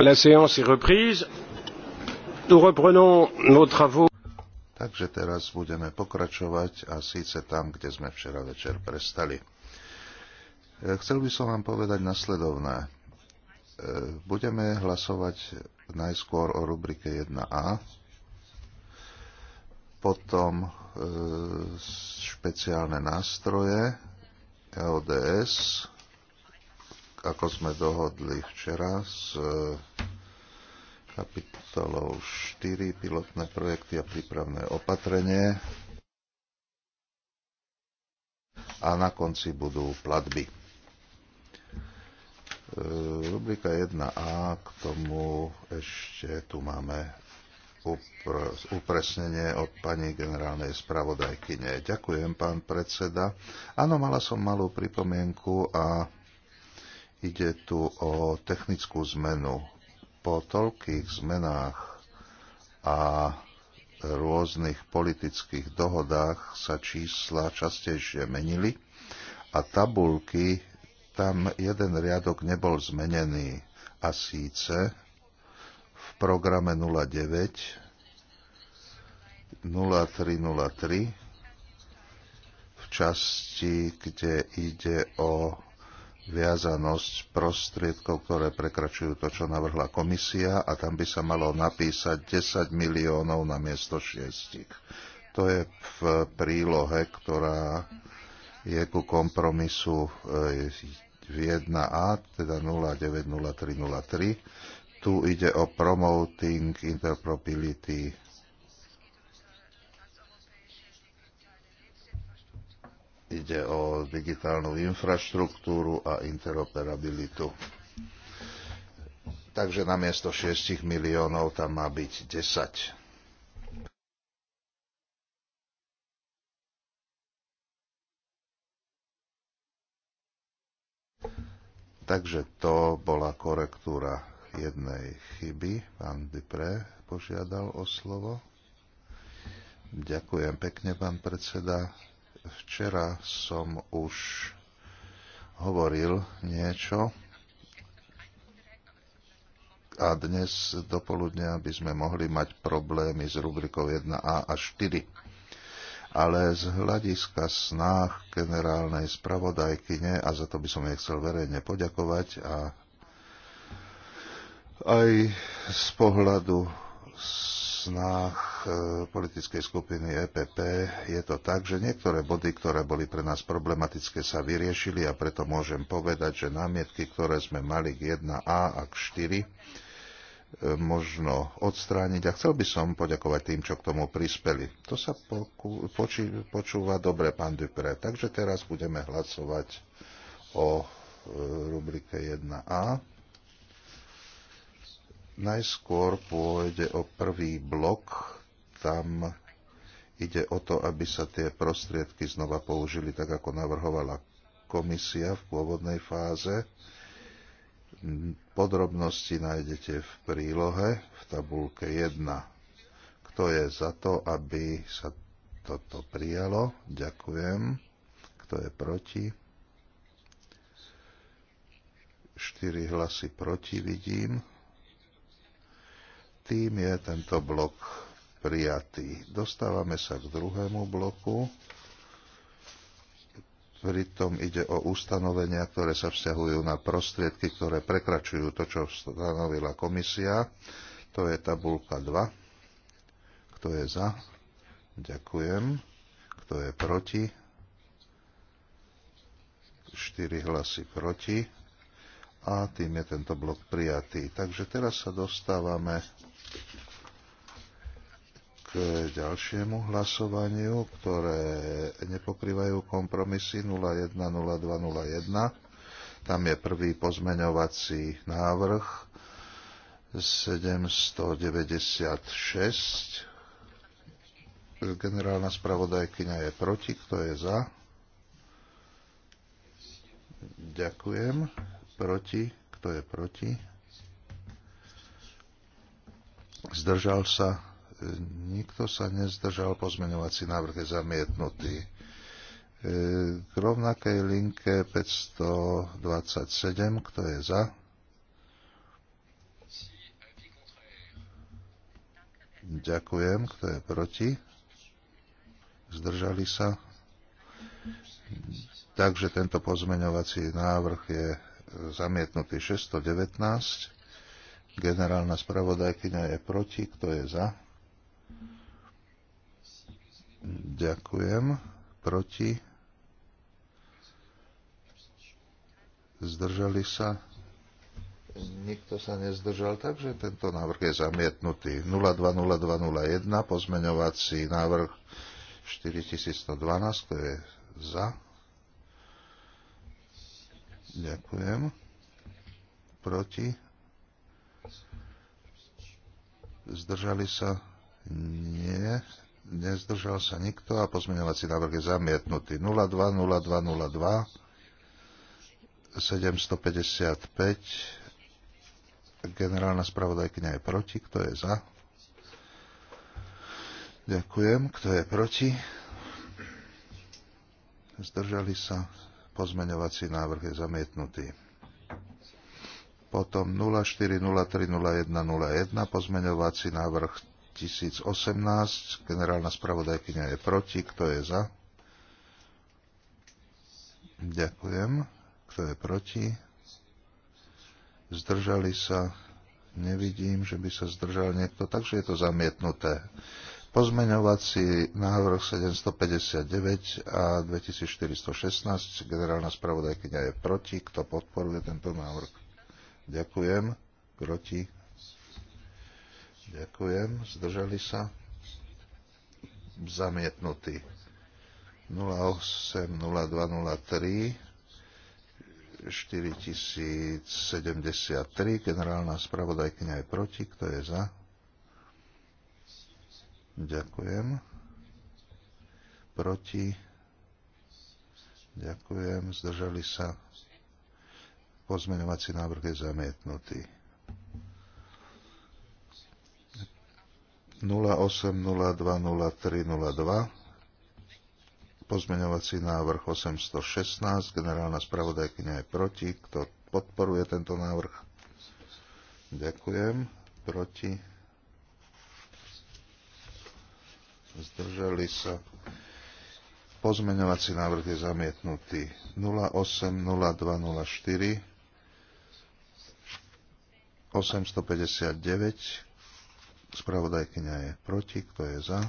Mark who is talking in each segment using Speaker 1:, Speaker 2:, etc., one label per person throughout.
Speaker 1: La
Speaker 2: séance est reprise. Nous reprenons
Speaker 1: nos travaux. Takže teraz budeme pokračovať a síce tam, kde sme včera večer prestali. E, chcel by som vám povedať nasledovné. E, budeme hlasovať najskôr o rubrike 1a, potom e, špeciálne nástroje EODS, ako sme dohodli včera s e, kapitolou 4 pilotné projekty a prípravné opatrenie a na konci budú platby. E, rubrika 1a, k tomu ešte tu máme upresnenie od pani generálnej spravodajkyne. Ďakujem, pán predseda. Áno, mala som malú pripomienku a Ide tu o technickú zmenu. Po toľkých zmenách a rôznych politických dohodách sa čísla častejšie menili a tabulky tam jeden riadok nebol zmenený a síce v programe 09 0303 v časti, kde ide o viazanosť prostriedkov, ktoré prekračujú to, čo navrhla komisia a tam by sa malo napísať 10 miliónov na miesto 6. To je v prílohe, ktorá je ku kompromisu 1A, e, teda 090303. Tu ide o promoting interoperability Ide o digitálnu infraštruktúru a interoperabilitu. Takže namiesto 6 miliónov tam má byť 10. Takže to bola korektúra jednej chyby. Pán Dipre požiadal o slovo. Ďakujem pekne, pán predseda. Včera som už hovoril niečo a dnes dopoludnia by sme mohli mať problémy s rubrikou 1a a 4. Ale z hľadiska snách generálnej spravodajkyne, a za to by som jej chcel verejne poďakovať, a aj z pohľadu snách e, politickej skupiny EPP je to tak, že niektoré body, ktoré boli pre nás problematické, sa vyriešili a preto môžem povedať, že námietky, ktoré sme mali k 1A a k 4, e, možno odstrániť a chcel by som poďakovať tým, čo k tomu prispeli. To sa poku- poči- počúva dobre, pán Dupré. Takže teraz budeme hlasovať o e, rubrike 1A. Najskôr pôjde o prvý blok. Tam ide o to, aby sa tie prostriedky znova použili tak, ako navrhovala komisia v pôvodnej fáze. Podrobnosti nájdete v prílohe v tabulke 1. Kto je za to, aby sa toto prijalo? Ďakujem. Kto je proti? 4 hlasy proti vidím tým je tento blok prijatý. Dostávame sa k druhému bloku. Pritom ide o ustanovenia, ktoré sa vzťahujú na prostriedky, ktoré prekračujú to, čo stanovila komisia. To je tabulka 2. Kto je za? Ďakujem. Kto je proti? 4 hlasy proti. A tým je tento blok prijatý. Takže teraz sa dostávame k ďalšiemu hlasovaniu, ktoré nepokrývajú kompromisy 010201. Tam je prvý pozmeňovací návrh 796. Generálna spravodajkyňa je proti, kto je za? Ďakujem. Proti, kto je proti? Zdržal sa? E, nikto sa nezdržal. Pozmeňovací návrh je zamietnutý. E, k rovnakej linke 527, kto je za? Ďakujem, kto je proti? Zdržali sa? Takže tento pozmeňovací návrh je zamietnutý 619. Generálna spravodajkyňa je proti. Kto je za? Ďakujem. Proti? Zdržali sa? Nikto sa nezdržal, takže tento návrh je zamietnutý. 020201, pozmeňovací návrh 4112, kto je za. Ďakujem. Proti? Zdržali sa? Nie. Nezdržal sa nikto a pozmeňovací návrh je zamietnutý. 020202 755. Generálna spravodajkňa je proti. Kto je za? Ďakujem. Kto je proti? Zdržali sa. Pozmeňovací návrh je zamietnutý potom 04030101 pozmeňovací návrh 1018, generálna spravodajkynia je proti, kto je za? Ďakujem. Kto je proti? Zdržali sa? Nevidím, že by sa zdržal niekto, takže je to zamietnuté. Pozmeňovací návrh 759 a 2416, generálna spravodajkynia je proti, kto podporuje tento návrh? Ďakujem. Proti? Ďakujem. Zdržali sa? Zamietnutý. 080203 4073 generálna spravodajkňa je proti, kto je za? Ďakujem. Proti? Ďakujem. Zdržali sa? Pozmenovací návrh je zamietnutý. 08020302 pozmeňovací návrh 816. Generálna spravodajkynia je proti. Kto podporuje tento návrh? Ďakujem. Proti? Zdržali sa. Pozmeňovací návrh je zamietnutý. 080204 859. Spravodajkynia je proti. Kto je za?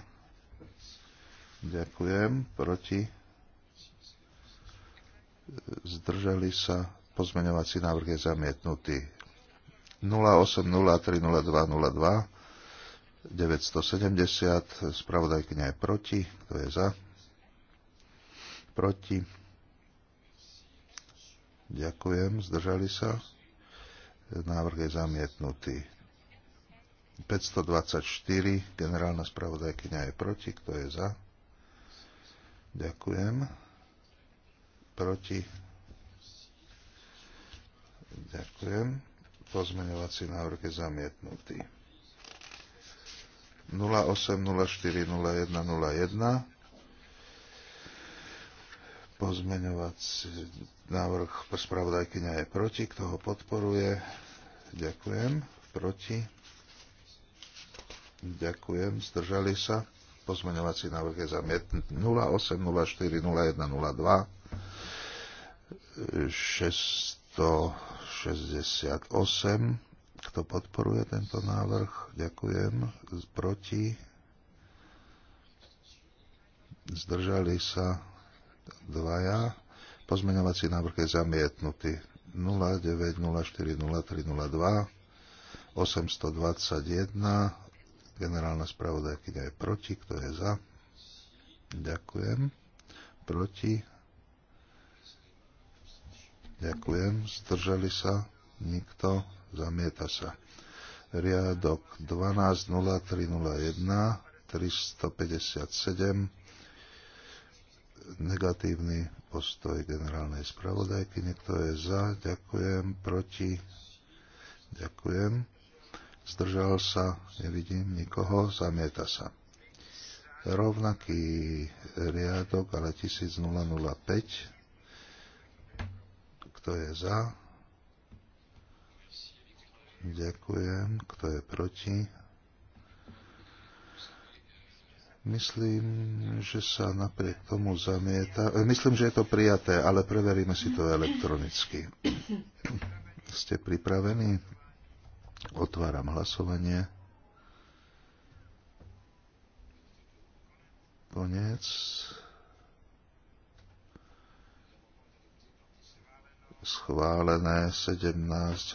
Speaker 1: Ďakujem. Proti? Zdržali sa. Pozmeňovací návrh je zamietnutý. 080302002 970. Spravodajkyňa je proti. Kto je za? Proti. Ďakujem. Zdržali sa. Návrh je zamietnutý. 524. Generálna spravodajkynia je proti. Kto je za? Ďakujem. Proti. Ďakujem. Pozmeňovací návrh je zamietnutý. 08040101 Pozmeňovací návrh spravodajkyňa je proti. Kto ho podporuje? Ďakujem. Proti? Ďakujem. Zdržali sa. Pozmeňovací návrh je zamietnutý 08040102 668 kto podporuje tento návrh. Ďakujem. Proti? Zdržali sa dvaja. Pozmeňovací návrh je zamietnutý. 09040302 821 generálna spravodajkyňa je proti, kto je za ďakujem proti ďakujem zdržali sa nikto zamieta sa riadok 120301 357 negatívny postoj generálnej spravodajky. Niekto je za, ďakujem, proti, ďakujem. Zdržal sa, nevidím nikoho, zamieta sa. Rovnaký riadok, ale 1005. Kto je za? Ďakujem. Kto je proti? Myslím, že sa napriek tomu zamieta. Myslím, že je to prijaté, ale preveríme si to elektronicky. Ste pripravení? Otváram hlasovanie. Konec. Schválené 17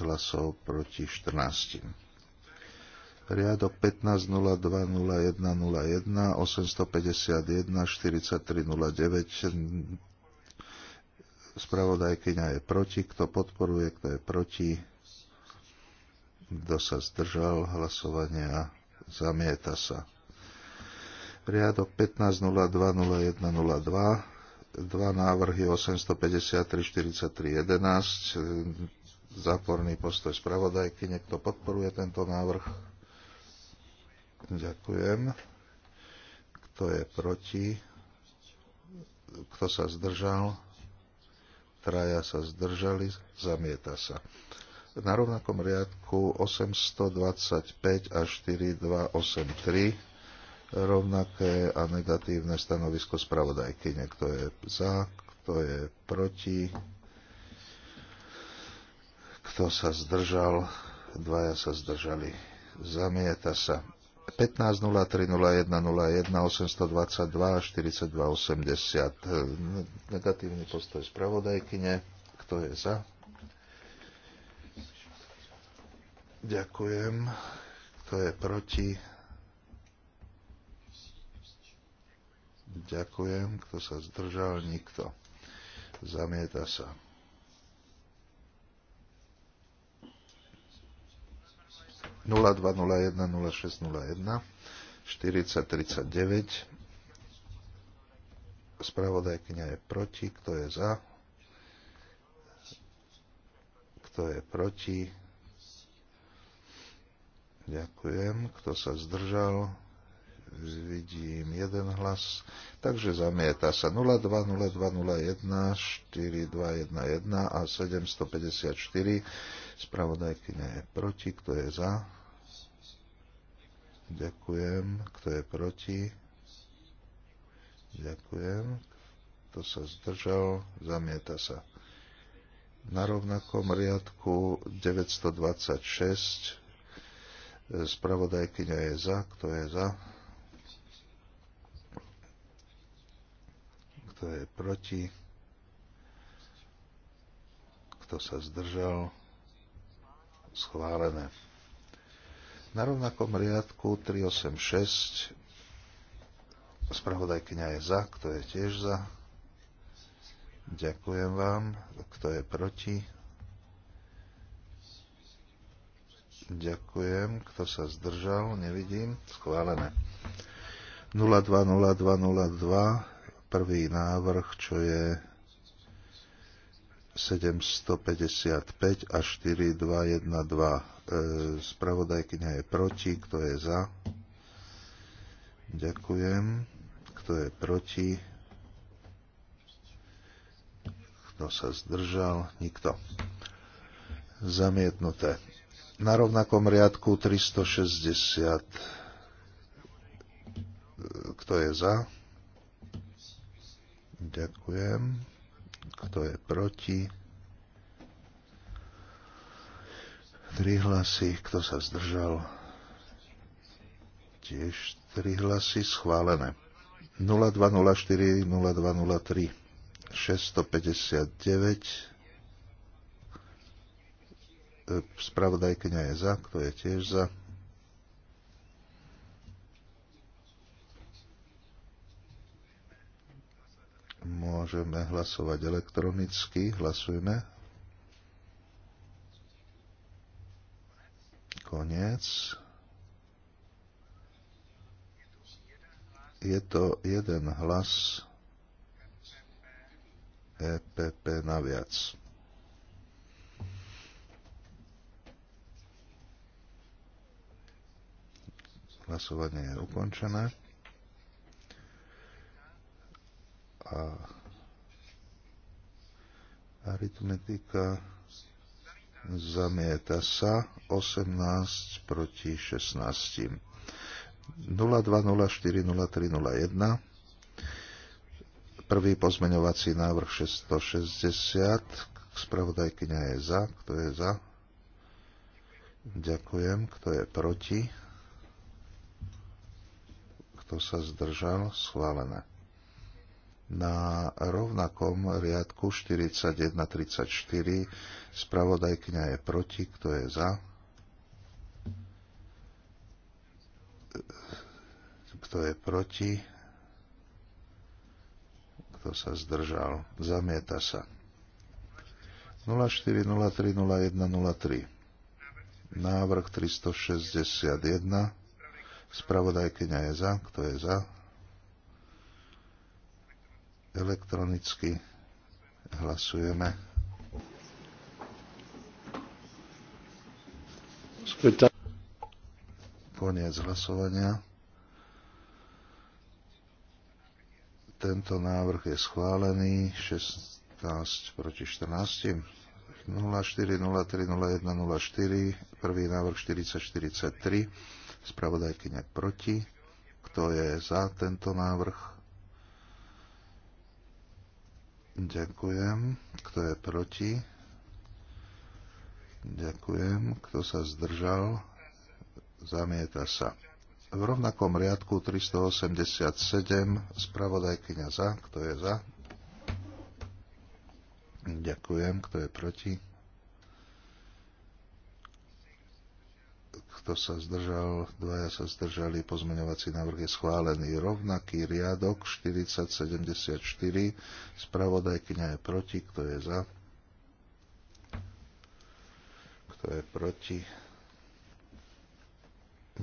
Speaker 1: hlasov proti 14 riadok 15020101 851 4309 spravodajkyňa je proti, kto podporuje, kto je proti, kto sa zdržal hlasovania, zamieta sa. Riadok 15020102 dva návrhy 853-43-11 záporný postoj spravodajky. Niekto podporuje tento návrh? Ďakujem. Kto je proti? Kto sa zdržal? Traja sa zdržali, zamieta sa. Na rovnakom riadku 825 až 4283 rovnaké a negatívne stanovisko spravodajky. Niekto je za, kto je proti, kto sa zdržal, dvaja sa zdržali. Zamieta sa. 15.03.01.01.822.42.80. 822 Negatívny postoj spravodajkyne. Kto je za? Ďakujem. Kto je proti? Ďakujem. Kto sa zdržal? Nikto. Zamieta sa. 0201 0601 4039 spravodajkňa je proti, kto je za, kto je proti, ďakujem, kto sa zdržal, vidím jeden hlas, takže zamieta sa 020201 4211 a 754, spravodajkyňa je proti, kto je za, Ďakujem. Kto je proti? Ďakujem. Kto sa zdržal? Zamieta sa. Na rovnakom riadku 926 spravodajkyňa je za. Kto je za? Kto je proti? Kto sa zdržal? Schválené. Na rovnakom riadku 386 spravodajkyňa je za, kto je tiež za. Ďakujem vám. Kto je proti? Ďakujem. Kto sa zdržal? Nevidím. Schválené. 020202 prvý návrh, čo je 755 a 4212 E, spravodajkyňa je proti. Kto je za? Ďakujem. Kto je proti? Kto sa zdržal? Nikto. Zamietnuté. Na rovnakom riadku 360. Kto je za? Ďakujem. Kto je proti? Tri hlasy, kto sa zdržal? Tiež tri hlasy schválené. 0204, 0203, 659, spravodajkňa je za, kto je tiež za. Môžeme hlasovať elektronicky, hlasujme. koniec. Je to jeden hlas EPP naviac. Hlasovanie je ukončené. A aritmetika zamieta sa 18 proti 16. 02040301 Prvý pozmeňovací návrh 660 spravodajkyňa je za. Kto je za? Ďakujem. Kto je proti? Kto sa zdržal? Schválené na rovnakom riadku 4134. Spravodajkňa je proti, kto je za? Kto je proti? Kto sa zdržal? Zamieta sa. 04030103 Návrh 361 Spravodajkynia je za, kto je za? Elektronicky hlasujeme. Koniec hlasovania. Tento návrh je schválený 16 proti 14. 04030104, prvý návrh 4043, spravodajkyňa proti. Kto je za tento návrh? Ďakujem. Kto je proti? Ďakujem. Kto sa zdržal? Zamieta sa. V rovnakom riadku 387 spravodajkyňa za. Kto je za? Ďakujem. Kto je proti? kto sa zdržal, dvaja sa zdržali, pozmeňovací návrh je schválený. Rovnaký riadok 4074, spravodajkyňa je proti, kto je za, kto je proti.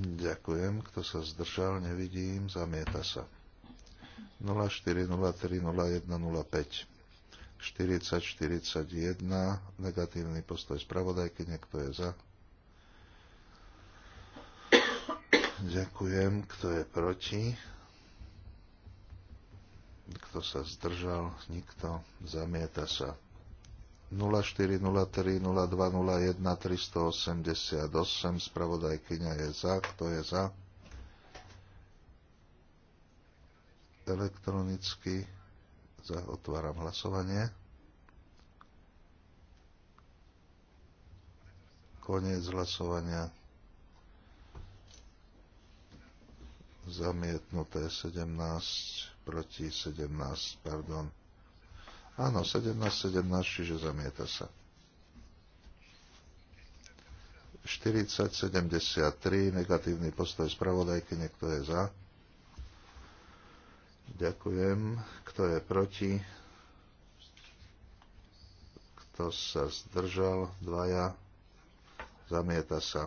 Speaker 1: Ďakujem, kto sa zdržal, nevidím, zamieta sa. 0403 0105 4041, negatívny postoj spravodajky, niekto je za, Ďakujem. Kto je proti? Kto sa zdržal? Nikto. Zamieta sa. 0403 0201 388 spravodajkyňa je za, kto je za elektronicky za, otváram hlasovanie koniec hlasovania zamietnuté 17 proti 17, pardon. Áno, 17, 17, čiže zamieta sa. 40, 73, negatívny postoj spravodajky, niekto je za. Ďakujem. Kto je proti? Kto sa zdržal? Dvaja. Zamieta sa.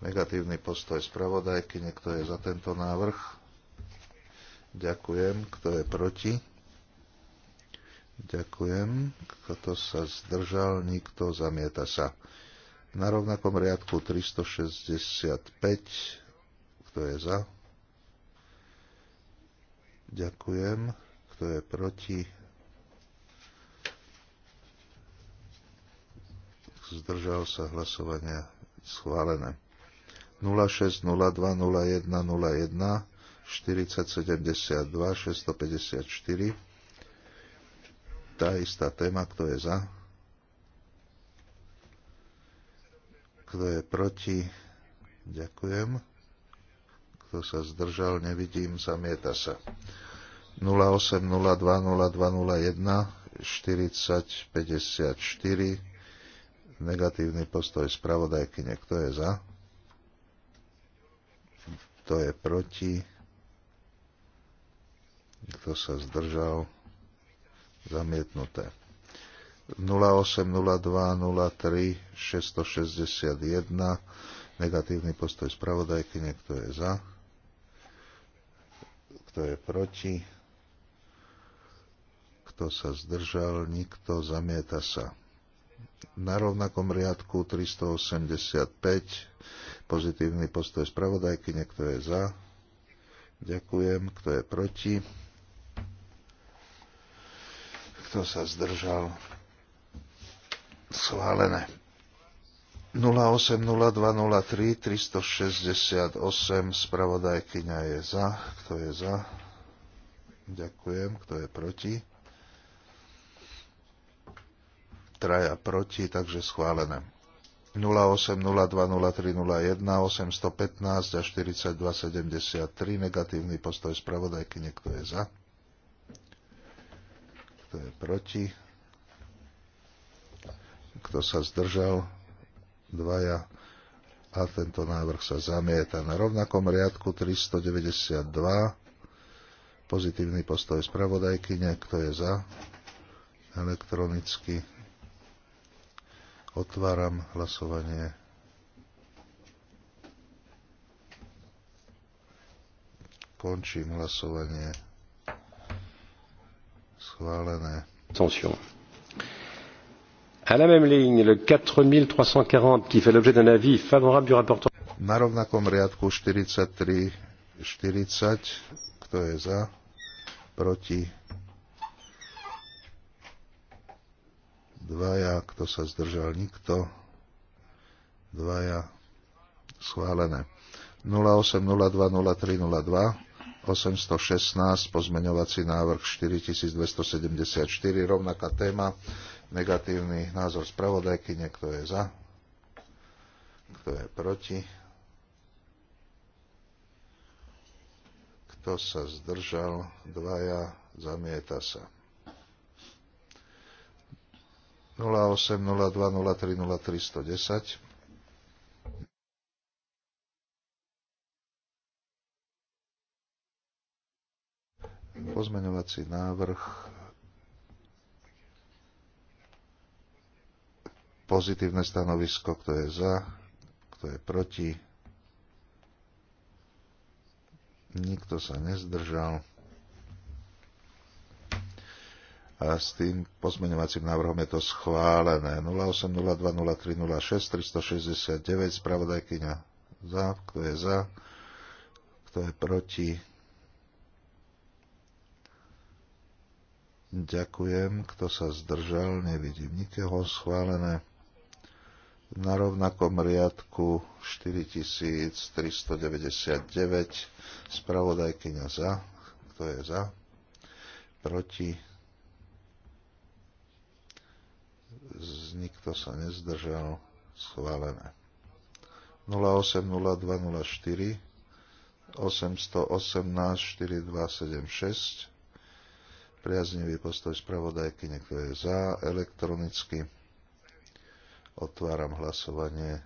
Speaker 1: negatívny postoj spravodajky. Niekto je za tento návrh? Ďakujem. Kto je proti? Ďakujem. Kto sa zdržal? Nikto. Zamieta sa. Na rovnakom riadku 365. Kto je za? Ďakujem. Kto je proti? Zdržal sa hlasovania schválené. 06 02 01 01 4072 654 tá istá téma, kto je za kto je proti ďakujem kto sa zdržal, nevidím, zamieta sa 08 02 02 01 40 54 negatívny postoj spravodajky, niekto je za kto je proti? Kto sa zdržal? Zamietnuté. 080203 661 negatívny postoj spravodajky, niekto je za, kto je proti, kto sa zdržal, nikto, zamieta sa na rovnakom riadku 385 pozitívny postoj spravodajky, niekto je za. Ďakujem, kto je proti. Kto sa zdržal? Schválené. 080203 368 spravodajkyňa je za. Kto je za? Ďakujem. Kto je proti? traja proti, takže schválené. 08, 815 a 4273, negatívny postoj spravodajky, niekto je za, kto je proti, kto sa zdržal, dvaja a tento návrh sa zamieta. Na rovnakom riadku 392, pozitívny postoj spravodajky, niekto je za, elektronicky Otváram hlasovanie. Končím hlasovanie. Schválené. Attention. À la même ligne, le 4340 qui fait l'objet d'un avis favorable du rapporteur. Na rovnakom riadku 43 40, kto je za, proti, dvaja, kto sa zdržal, nikto, dvaja, schválené. 08020302, 816, pozmeňovací návrh 4274, rovnaká téma, negatívny názor spravodajky, niekto je za, kto je proti, kto sa zdržal, dvaja, zamieta sa. 08 02 03 03 110. Pozmeňovací návrh pozitívne stanovisko, kto je za, kto je proti. Nikto sa nezdržal. a s tým pozmeňovacím návrhom je to schválené. 08020306 369 spravodajkyňa za, kto je za, kto je proti. Ďakujem, kto sa zdržal, nevidím nikoho schválené. Na rovnakom riadku 4399 spravodajkyňa za, kto je za, proti nikto sa nezdržal, schválené. 080204 818 priaznivý postoj spravodajky, niekto je za elektronicky. Otváram hlasovanie.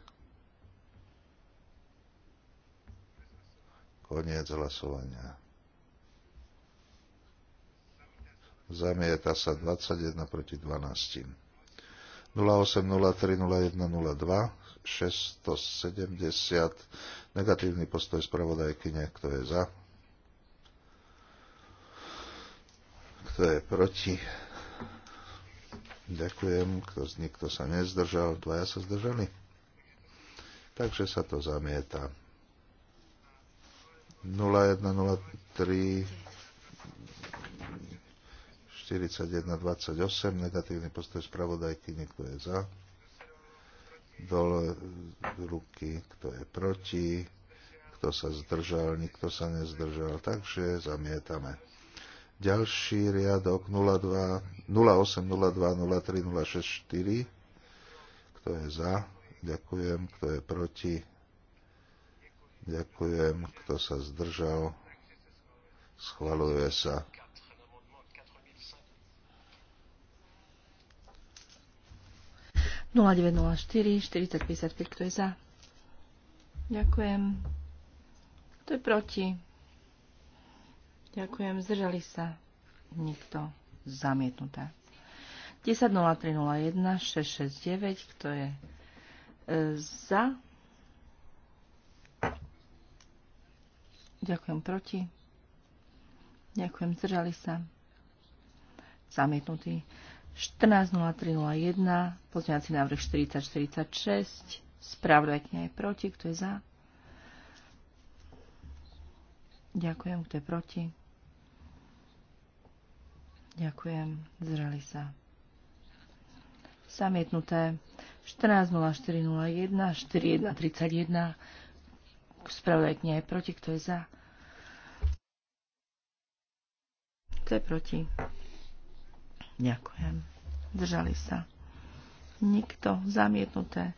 Speaker 1: Koniec hlasovania. Zamieta sa 21 proti 12. 670 negatívny postoj spravodajkyne, kto je za kto je proti ďakujem kto, nikto sa nezdržal dvaja sa zdržali takže sa to zamieta 0103 41.28, negatívny postoj spravodajky, niekto je za. Dole e, ruky, kto je proti, kto sa zdržal, nikto sa nezdržal, takže zamietame. Ďalší riadok 02, 08, 02, 03, 064. Kto je za? Ďakujem. Kto je proti? Ďakujem. Kto sa zdržal? Schvaluje sa.
Speaker 3: 0904 4055, kto je za? Ďakujem. Kto je proti? Ďakujem, zdržali sa. Nikto. Zamietnuté. 10.03.01 669, kto je e, za? Ďakujem proti. Ďakujem, zdržali sa. Zamietnutý. 14.03.01, pozňací návrh 4046, spravodajkňa je proti, kto je za? Ďakujem, kto je proti? Ďakujem, zreli sa. Zamietnuté 14.04.01, 4.1.31, spravodajkňa je proti, kto je za? Kto je proti? Ďakujem. Držali sa. Nikto. Zamietnuté.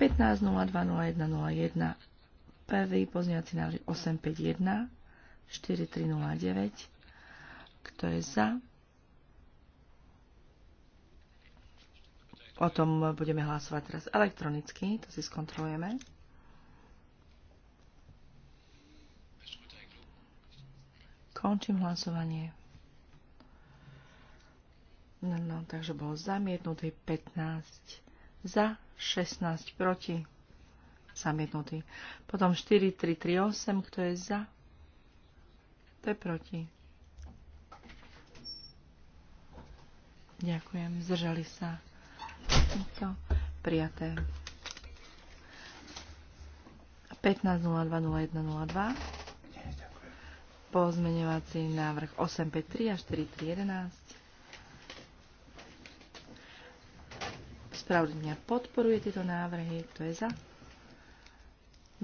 Speaker 3: 15.02.01.01. Prvý pozňací návrh 851 4309. Kto je za? O tom budeme hlasovať teraz elektronicky, to si skontrolujeme. Končím hlasovanie. No, no, takže bol zamietnutý 15 za, 16 proti, zamietnutý. Potom 4, 3, 3, 8, kto je za, to je proti. Ďakujem, zdržali sa. To prijaté. 15.02.01.02 Pozmeňovací návrh 853 a 4311 Spravodlivňa podporuje tieto návrhy. Kto je za?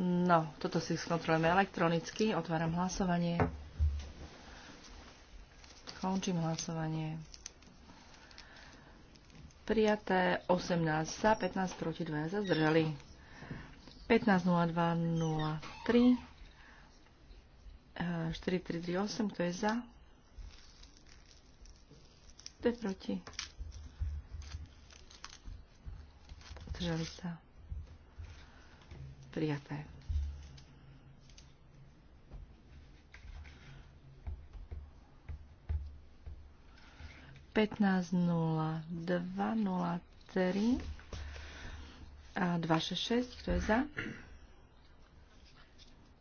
Speaker 3: No, toto si skontrolujeme elektronicky. Otváram hlasovanie. Končím hlasovanie. Prijaté 18 za, 15 proti 2 za, zdržali. 15.02.03 4338, kto je za? Kto je proti? zdržali sa prijaté. Petnáct nula dva nula tri a dva šesť kto je za?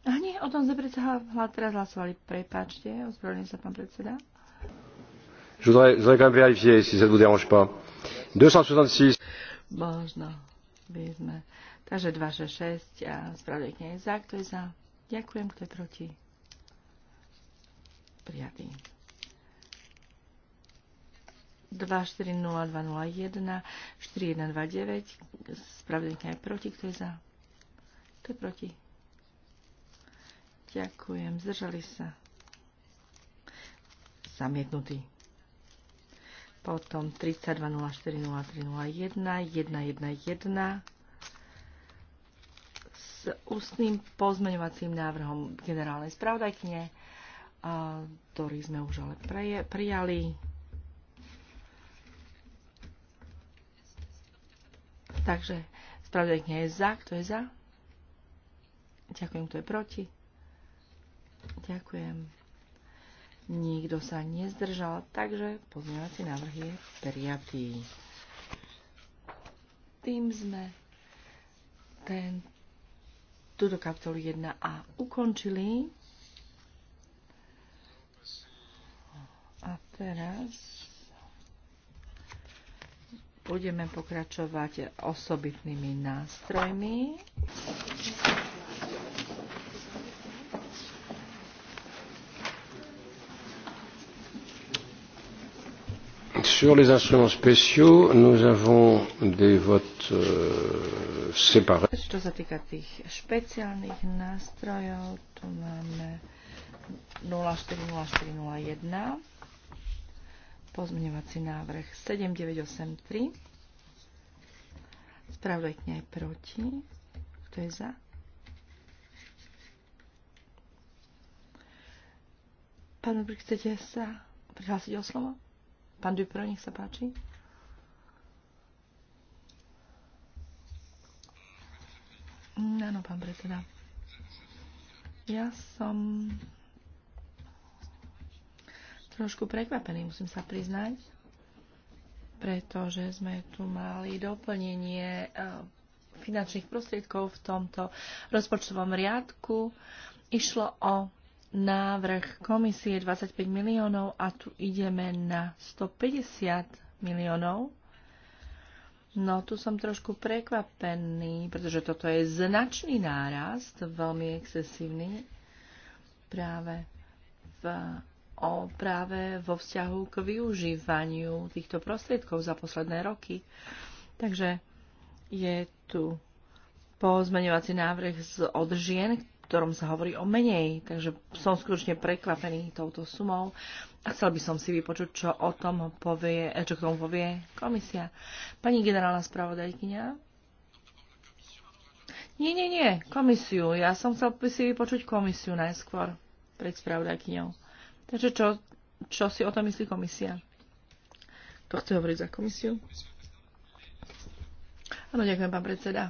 Speaker 3: A nie, o tom sme predsa teraz hlasovali. Prepačte, ospravedlňujem sa, pán predseda.
Speaker 2: Je voudrais, je voudrais quand même vérifier si ça ne vous dérange pas. 266.
Speaker 3: Možno by sme... Takže 2, 6, 6 a spravodajk nie je za, kto je za. Ďakujem, kto je proti. Prijatý. 240-201, 4129, spravodajkňa je proti, kto je za? Kto je proti? Ďakujem, zdržali sa. Zamietnutý potom 32040301, 111 s ústnym pozmeňovacím návrhom generálnej spravodajkne, ktorý sme už ale prijali. Takže spravodajkne je za, kto je za? Ďakujem, kto je proti? Ďakujem. Nikto sa nezdržal, takže pozmeňovací návrh je prijatý. Tým sme ten, túto kapitolu 1a ukončili. A teraz budeme pokračovať osobitnými nástrojmi.
Speaker 2: Sur les instruments spéciaux, nous avons des votes euh, séparés.
Speaker 3: Čo sa týka tých špeciálnych nástrojov, tu máme 040401, pozmeňovací návrh 7983, spravodajkňa je proti, kto je za? Pán Dobrý, chcete sa prihlásiť o slovo? Pán Dupro, nech sa páči. Áno, pán predseda. Ja som trošku prekvapený, musím sa priznať, pretože sme tu mali doplnenie eh, finančných prostriedkov v tomto rozpočtovom riadku. Išlo o návrh komisie 25 miliónov a tu ideme na 150 miliónov. No tu som trošku prekvapený, pretože toto je značný nárast, veľmi excesívny práve v o práve vo vzťahu k využívaniu týchto prostriedkov za posledné roky. Takže je tu pozmeňovací návrh od žien, ktorom sa hovorí o menej. Takže som skutočne prekvapený touto sumou a chcel by som si vypočuť, čo, o tom povie, eh, čo k tomu povie komisia. Pani generálna spravodajkyňa. Nie, nie, nie, komisiu. Ja som chcel si vypočuť komisiu najskôr pred spravodajkyňou. Takže čo, čo si o tom myslí komisia? To chce hovoriť za komisiu? Áno, ďakujem, pán predseda.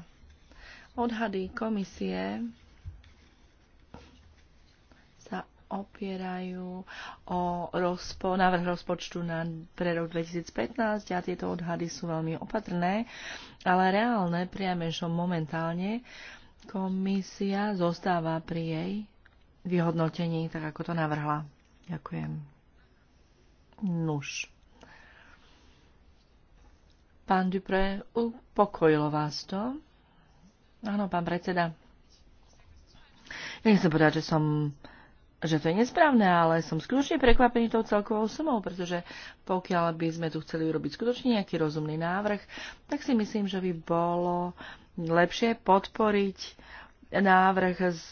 Speaker 3: Odhady komisie opierajú o rozpo, návrh rozpočtu na, pre rok 2015 a tieto odhady sú veľmi opatrné, ale reálne že momentálne komisia zostáva pri jej vyhodnotení, tak ako to navrhla. Ďakujem. Nuž. Pán Dupre, upokojilo vás to? Áno, pán predseda. nechcem povedať, že som že to je nesprávne, ale som skutočne prekvapený tou celkovou sumou, pretože pokiaľ by sme tu chceli urobiť skutočne nejaký rozumný návrh, tak si myslím, že by bolo lepšie podporiť návrh z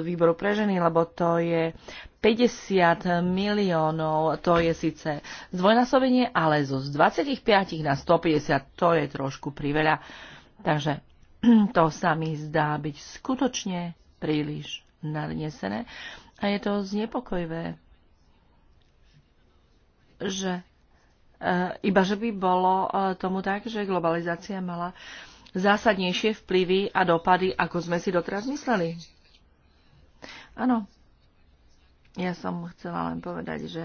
Speaker 3: výboru pre ženy, lebo to je 50 miliónov, to je síce zdvojnásobenie, ale zo 25 na 150 to je trošku priveľa. Takže to sa mi zdá byť skutočne príliš nadnesené. A je to znepokojivé, že e, iba že by bolo e, tomu tak, že globalizácia mala zásadnejšie vplyvy a dopady, ako sme si doteraz mysleli. Áno, ja som chcela len povedať, že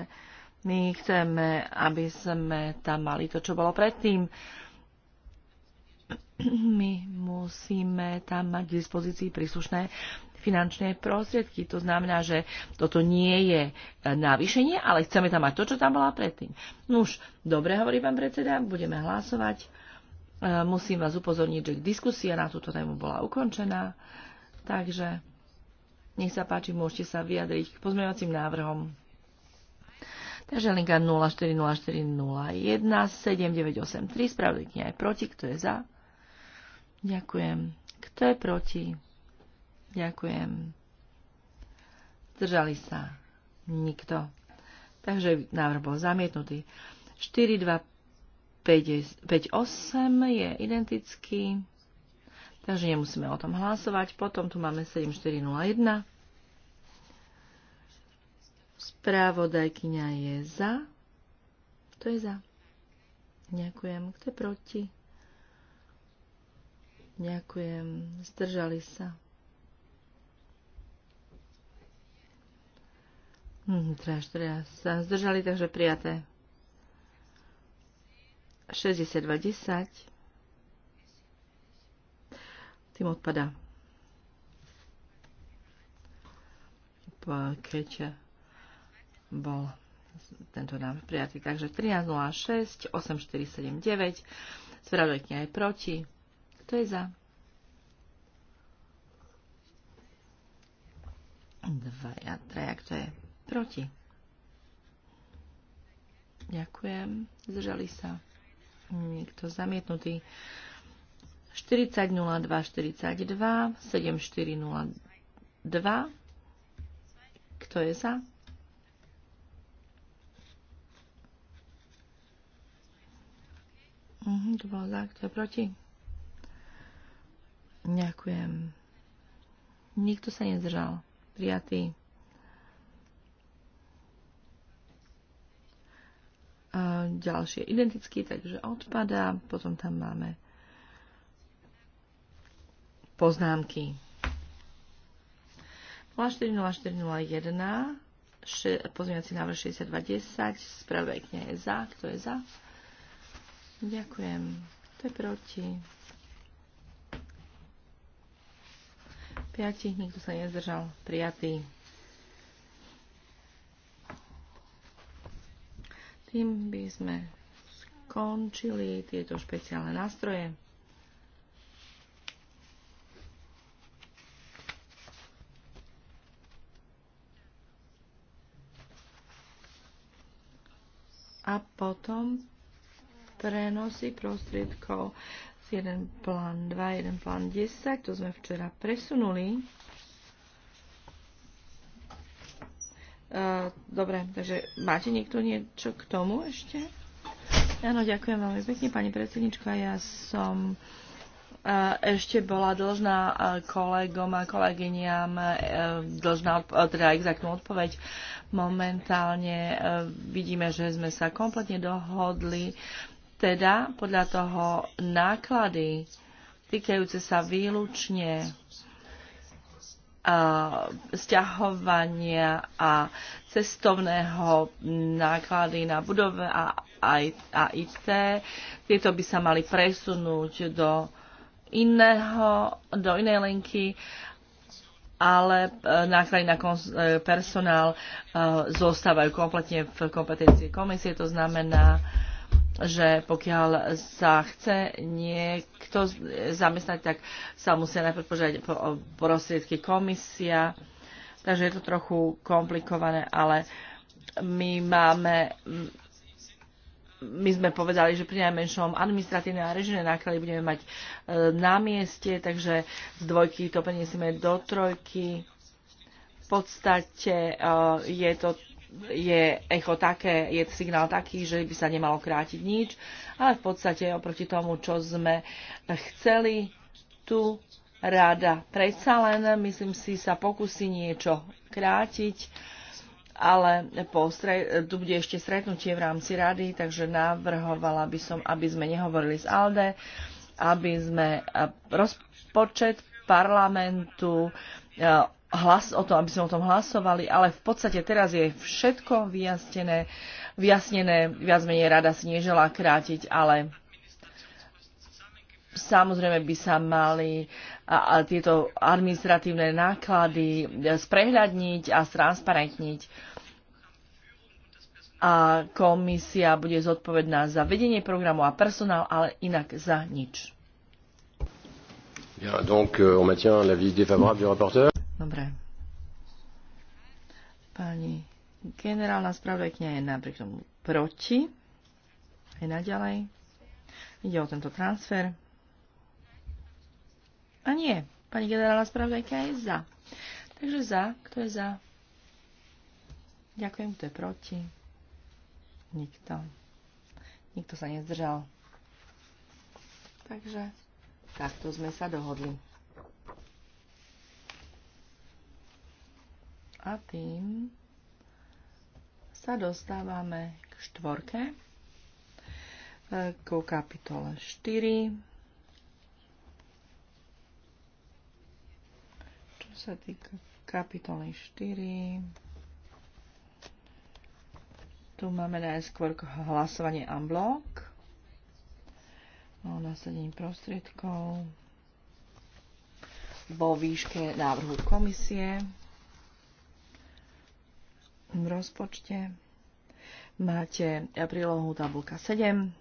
Speaker 3: my chceme, aby sme tam mali to, čo bolo predtým. My musíme tam mať k dispozícii príslušné finančné prostriedky. To znamená, že toto nie je e, navýšenie, ale chceme tam mať to, čo tam bola predtým. Nuž, dobre, hovorí pán predseda, budeme hlasovať. E, musím vás upozorniť, že diskusia na túto tému bola ukončená, takže nech sa páči, môžete sa vyjadriť k pozmeňovacím návrhom. Takže linka 040401 7983, spravodajkňa je proti, kto je za. Ďakujem. Kto je proti? Ďakujem. Zdržali sa. Nikto. Takže návrh bol zamietnutý. 4, 2, 5, 5, 8 je identický. Takže nemusíme o tom hlasovať. Potom tu máme 7401. Správodajkyňa je za. Kto je za? Ďakujem. Kto je proti? Ďakujem. Zdržali sa. Mhm, teraz, teraz sa zdržali, takže prijaté. 10. Tým odpadá. Keď bol tento nám prijatý. Takže 13, 7, 8.479. Spravodajkňa je proti. Kto je za? 2 3, ak to je Proti. Ďakujem. Zdržali sa. Niekto zamietnutý. 40 02 42 7402 Kto je za? Mhm, to za, kto je proti? Ďakujem. Nikto sa nezdržal. Prijatý. ďalšie identicky, takže odpadá. Potom tam máme poznámky. 040401 pozmeňovací návrh 6210 spravuje kniha je za, kto je za ďakujem kto je proti 5 nikto sa nezdržal prijatý Tým by sme skončili tieto špeciálne nástroje. A potom prenosy prostriedkov z 1 plán 2, 1 plán 10, to sme včera presunuli. Eh, dobre, takže máte niekto niečo k tomu ešte? Áno, ďakujem veľmi pekne, pani predsednička. Ja som eh, ešte bola dlžná eh, kolegom a kolegyniam dlžná, teda exaktnú odpoveď. Momentálne vidíme, že sme sa kompletne dohodli, teda podľa toho náklady týkajúce sa výlučne sťahovania a cestovného náklady na budove a, a IT. Tieto by sa mali presunúť do, iného, do inej linky, ale e, náklady na e, personál e, zostávajú kompletne v kompetencii komisie. To znamená, že pokiaľ sa chce niekto zamestnať, tak sa musia najprv požiadať o prostriedky komisia, takže je to trochu komplikované, ale my máme my sme povedali, že pri najmenšom administratívne a režimné náklady budeme mať e, na mieste, takže z dvojky to preniesieme do trojky. V podstate e, je to je echo také, je signál taký, že by sa nemalo krátiť nič, ale v podstate oproti tomu, čo sme chceli, tu rada predsa len, myslím si, sa pokusí niečo krátiť, ale po stre- tu bude ešte stretnutie v rámci rady, takže navrhovala by som, aby sme nehovorili s ALDE, aby sme eh, rozpočet parlamentu eh, hlas, o tom, aby sme o tom hlasovali, ale v podstate teraz je všetko vyjasnené, vyjasnené viac menej rada si neželá krátiť, ale samozrejme by sa mali a, a tieto administratívne náklady e, sprehľadniť a stransparentniť. A komisia bude zodpovedná za vedenie programu a personál, ale inak za nič.
Speaker 2: Ja, donc euh, on maintient l'avis défavorable du rapporteur.
Speaker 3: Dobre. Pani generálna spravodajkňa je napriek tomu proti. Aj naďalej. Ide o tento transfer. A nie. Pani generálna spravodajka je za. Takže za. Kto je za? Ďakujem. Kto je proti? Nikto. Nikto sa nezdržal. Takže takto sme sa dohodli. A tým sa dostávame k štvorke, e, ku kapitole 4, čo sa týka kapitoly 4, tu máme najskôr hlasovanie unblock o no, nasadení prostriedkov vo výške návrhu komisie. V rozpočte máte prílohu tabulka 7.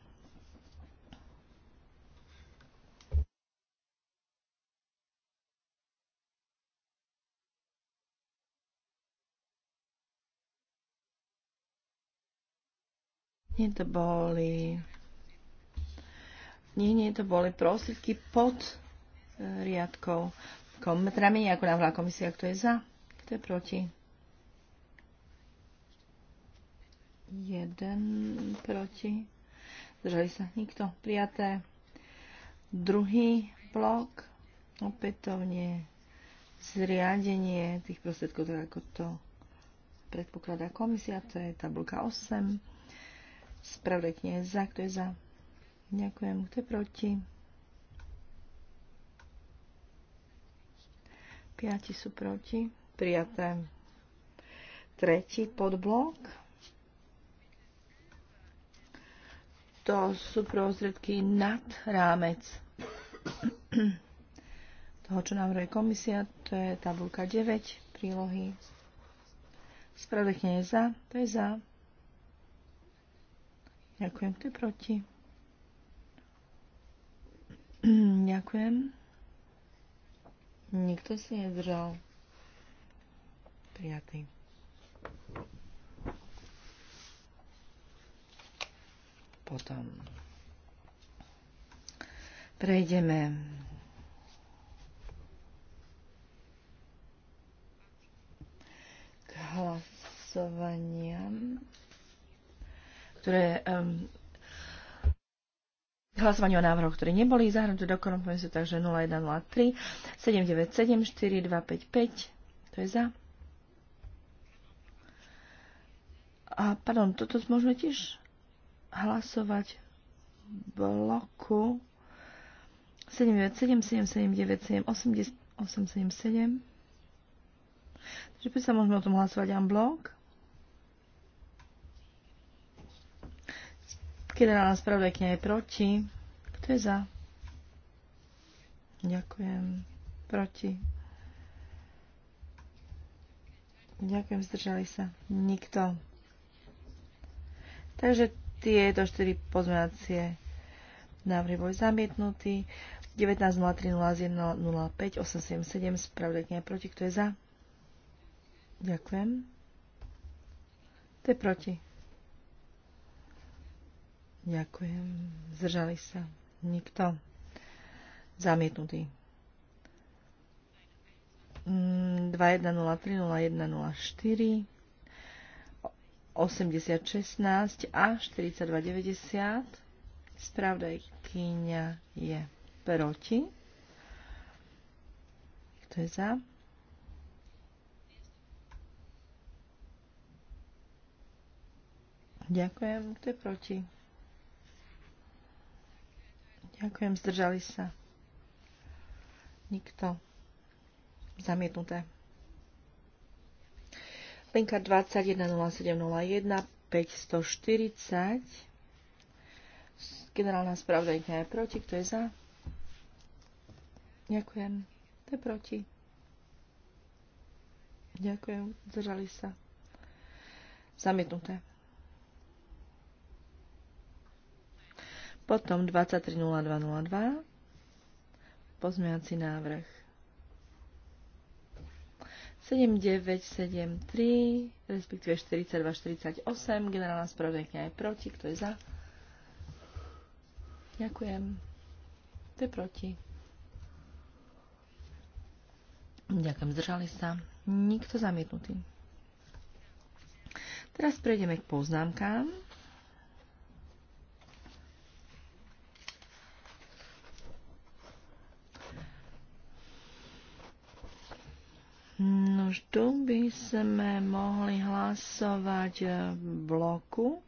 Speaker 3: Nie to boli... Nie, nie, to boli prostriedky pod e, riadkou. Metra ako navrhla komisia, kto je za, kto je proti Jeden proti. Zdržali sa nikto. Prijaté. Druhý blok. Opätovne zriadenie tých prostriedkov, tak ako to predpokladá komisia. To je tabulka 8. Spravedlne je za. Kto je za? Ďakujem. Kto je proti? Piati sú proti. Prijaté. Tretí podblok to sú prostriedky nad rámec toho, čo navrhuje komisia. To je tabulka 9 prílohy. Spravedlne je za, to je za. Ďakujem, to je proti. Ďakujem. Nikto si nezdržal. Prijatý. potom prejdeme k hlasovaniam, ktoré um, hlasovanie o návrhoch, ktoré neboli zahrnuté do kompromisu, takže 0103 797 4255. To je za. A pardon, toto môžeme tiež hlasovať bloku 797, 877. Takže prečo sa môžeme o tom hlasovať en blok? na nás spravodajkňa je proti. Kto je za? Ďakujem. Proti. Ďakujem, zdržali sa. Nikto. Takže tieto štyri pozmeňovacie návrhy boli zamietnutí. 19.03.01.05.877 spravodajkňa proti. Kto je za? Ďakujem. Kto je proti? Ďakujem. Zdržali sa. Nikto. Zamietnutý. 2103-0104 mm, 8016 a 4290. Spravdajkyňa je proti. Kto je za? Ďakujem. Kto je proti? Ďakujem. Zdržali sa. Nikto. Zamietnuté penka 210701 540. Generálna spravodajka je proti. Kto je za? Ďakujem. To je proti. Ďakujem. Zdržali sa. Zamietnuté. Potom 23.02.02 pozmiaci návrh 7973, respektíve 4248. Generálna spravodajkňa je proti. Kto je za? Ďakujem. Kto je proti? Ďakujem, zdržali sa. Nikto zamietnutý. Teraz prejdeme k poznámkám. No už tu by sme mohli hlasovať e, bloku.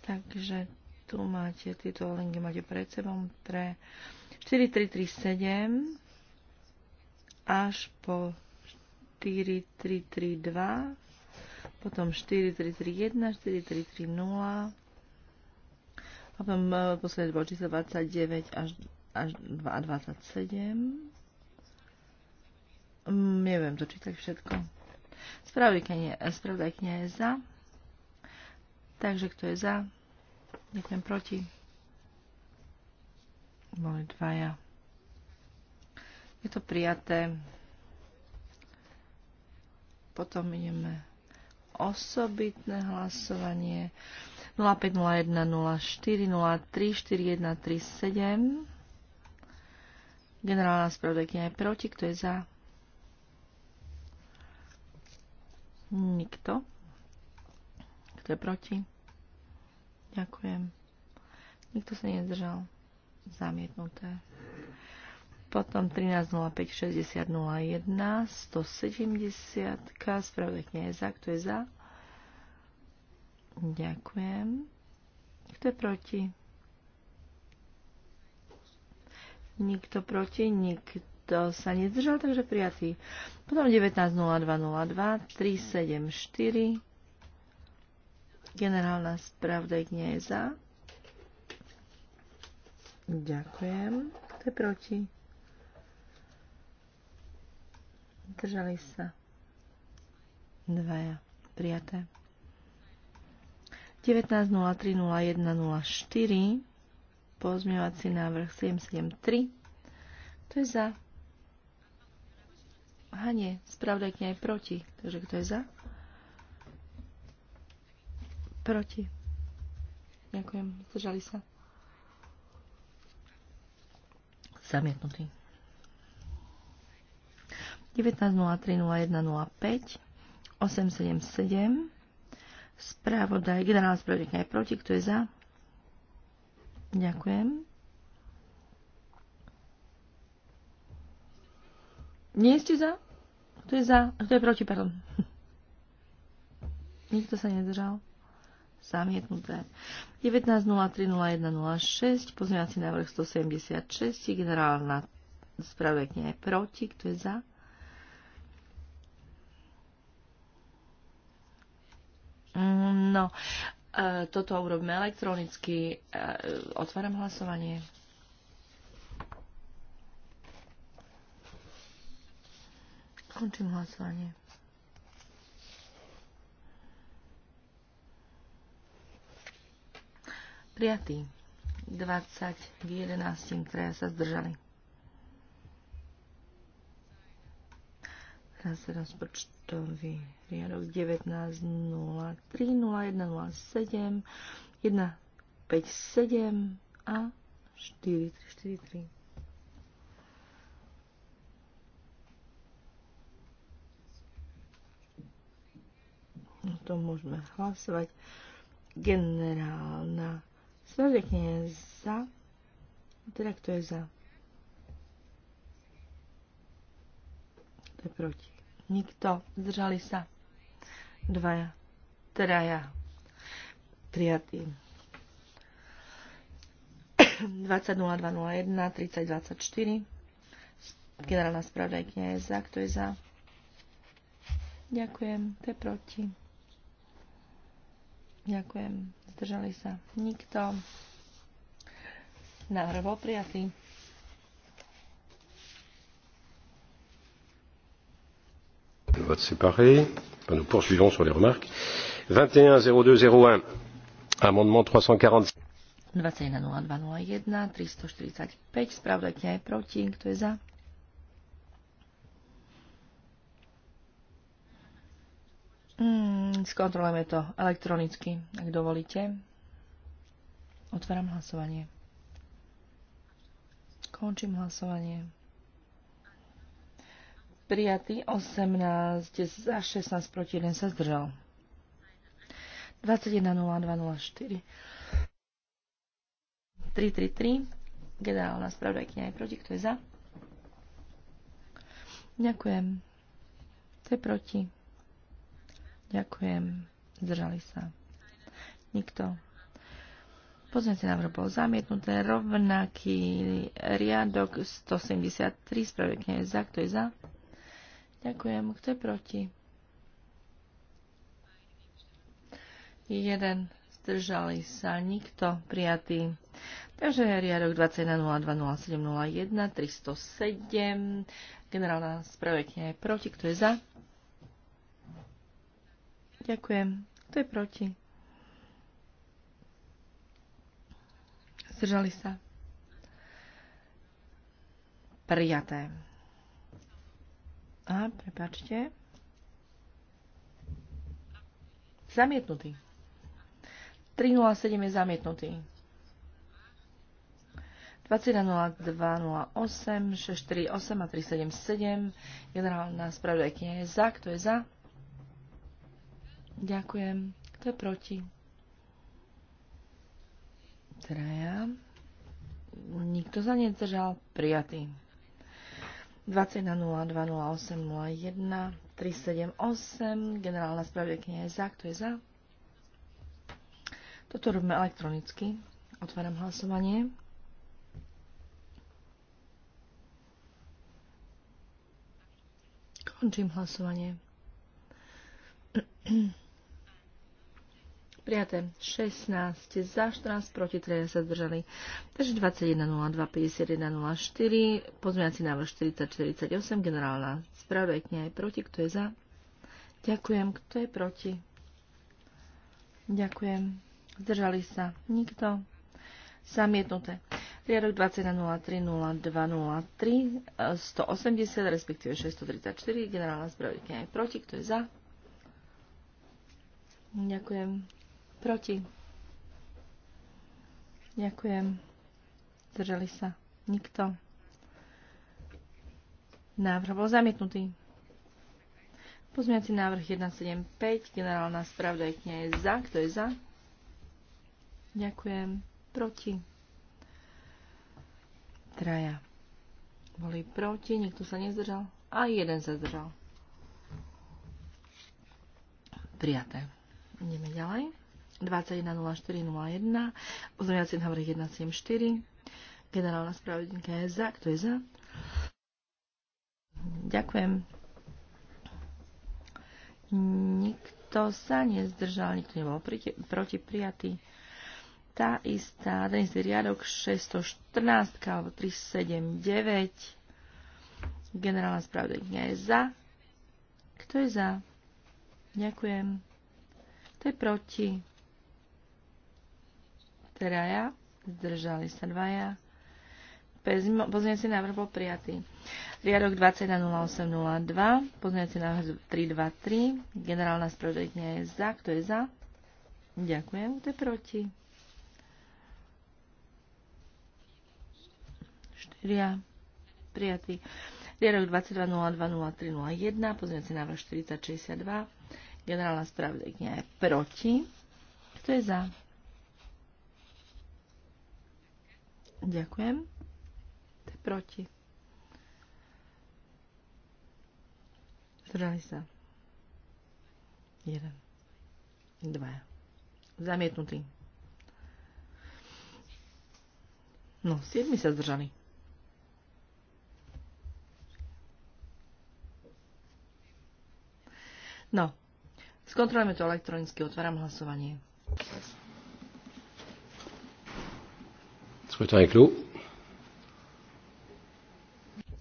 Speaker 3: Takže tu máte tieto linky, máte pred sebou pre 4337 až po 4332, potom 4331, 4330 a potom e, posledné číslo 29 až, až 27. Mm, neviem tak všetko. Spravodajkňa je za. Takže kto je za? Ďakujem proti. Boli dvaja. Je to prijaté. Potom ideme osobitné hlasovanie 0501 04 03 41 Generálna spravodajkynia je proti, kto je za? Nikto. Kto je proti? Ďakujem. Nikto sa nezdržal. Zamietnuté. Potom 13.05.60.01 170 Spravodaj je za. Kto je za? Ďakujem. Kto je proti? Nikto proti, nikto to sa nezdržal, takže prijatý. Potom 19.02.02, 374. Generálna nie je za. Ďakujem. Kto je proti? Držali sa. Dvaja. Prijaté. 19.03.01.04 pozmievací návrh 773. To je za? Hane, nie. Spravodajkňa je proti. Takže kto je za? Proti. Ďakujem. Zdržali sa. Zamietnutý. 19.03.01.05 877 Správodaj, generálna spravodajkňa je proti. Kto je za? Ďakujem. Nie ste za? Kto je za? Kto je proti? Pardon. Nikto sa nedržal. Zamietnuté. 19.03.01.06. Pozmeňací návrh 176. Generálna spravodajkňa je proti. Kto je za? Mm, no, e, toto urobíme elektronicky. E, otváram hlasovanie. Končím hlasovanie. Prijatý. 20 k 11. Traja sa zdržali. Teraz rozpočtový riadok 19 0 3 0 1 0 7 1 5 7 a 4 3 4 3. To môžeme hlasovať. Generálna spravodajkynia je za. Teda kto je za? To je proti? Nikto. Zdržali sa. Dvaja. Teda ja. Triatý. 20.02.01.30.24 Generálna spravodajkňa je za. Kto je za? Ďakujem. To je proti. Ďakujem. Zdržali sa nikto. Návrh bol prijatý.
Speaker 2: Le vote séparé. Nous poursuivons sur les remarques. 21-02-01, amendement 347.
Speaker 3: 21.02.01, 345, spravodajte aj proti, kto je za? Mm, skontrolujeme to elektronicky, ak dovolíte. Otváram hlasovanie. Končím hlasovanie. Prijatý 18 za 16 proti 1 sa zdržal. 21.02.04 333 Generálna spravodajkynia je proti, kto je za? Ďakujem. Kto je proti? Ďakujem. Zdržali sa. Nikto. si návrh bol zamietnuté. Rovnaký riadok 173. nie je za. Kto je za? Ďakujem. Kto je proti? Jeden. Zdržali sa. Nikto. Prijatý. Takže riadok 21.02.07.01 307. Generálna nie je proti. Kto je za? Ďakujem. Kto je proti? Zdržali sa. Prijaté. A, prepačte. Zamietnutý. 307 je zamietnutý. 21.02.08, 648 a 377. Generálna spravodajkynia je za. Kto je za? Ďakujem. Kto je proti? Traja. Nikto sa nezdržal. Prijatý. 20 0 208 01 378 generálna spravodajkynia je za, kto je za? Toto robíme elektronicky. Otváram hlasovanie. Končím hlasovanie. prijaté 16 za, 14 proti, 3 sa zdržali. Takže 21.02.51.04, pozmeňací návrh 4048, generálna spravodajkňa je proti, kto je za? Ďakujem, kto je proti? Ďakujem. Zdržali sa? Nikto. Zamietnuté. Riadok 21.03.02.03, 180, respektíve 634, generálna spravodajkňa je proti, kto je za? Ďakujem. Proti. Ďakujem. Zdržali sa. Nikto. Návrh bol zamietnutý. Pozmiaci návrh 175. Generálna spravdajkňa je za. Kto je za? Ďakujem. Proti. Traja. Boli proti, nikto sa nezdržal. A jeden sa zdržal. Prijaté. Ideme ďalej. 210401, pozmeňovací návrh 174, generálna spravodníka je za, kto je za? Ďakujem. Nikto sa nezdržal, nikto nebol proti, prijatý. Tá istá, ten istý riadok 614 alebo 379. Generálna spravodajkňa je za. Kto je za? Ďakujem. kto je proti traja, zdržali sa dvaja. Pozmeňujúci návrh bol prijatý. Riadok 210802, pozmeňujúci návrh 323, generálna spravodajkňa je za, kto je za? Ďakujem, kto je proti? Štyria, prijatý. Riadok 22020301, pozmeňujúci návrh 4062, generálna spravodajkňa je proti. Kto je za? Ďakujem. To je proti. Zdrali sa. Jeden. Dva. Zamietnutý. No, siedmi sa zdržali. No, skontrolujeme to elektronicky, otváram hlasovanie.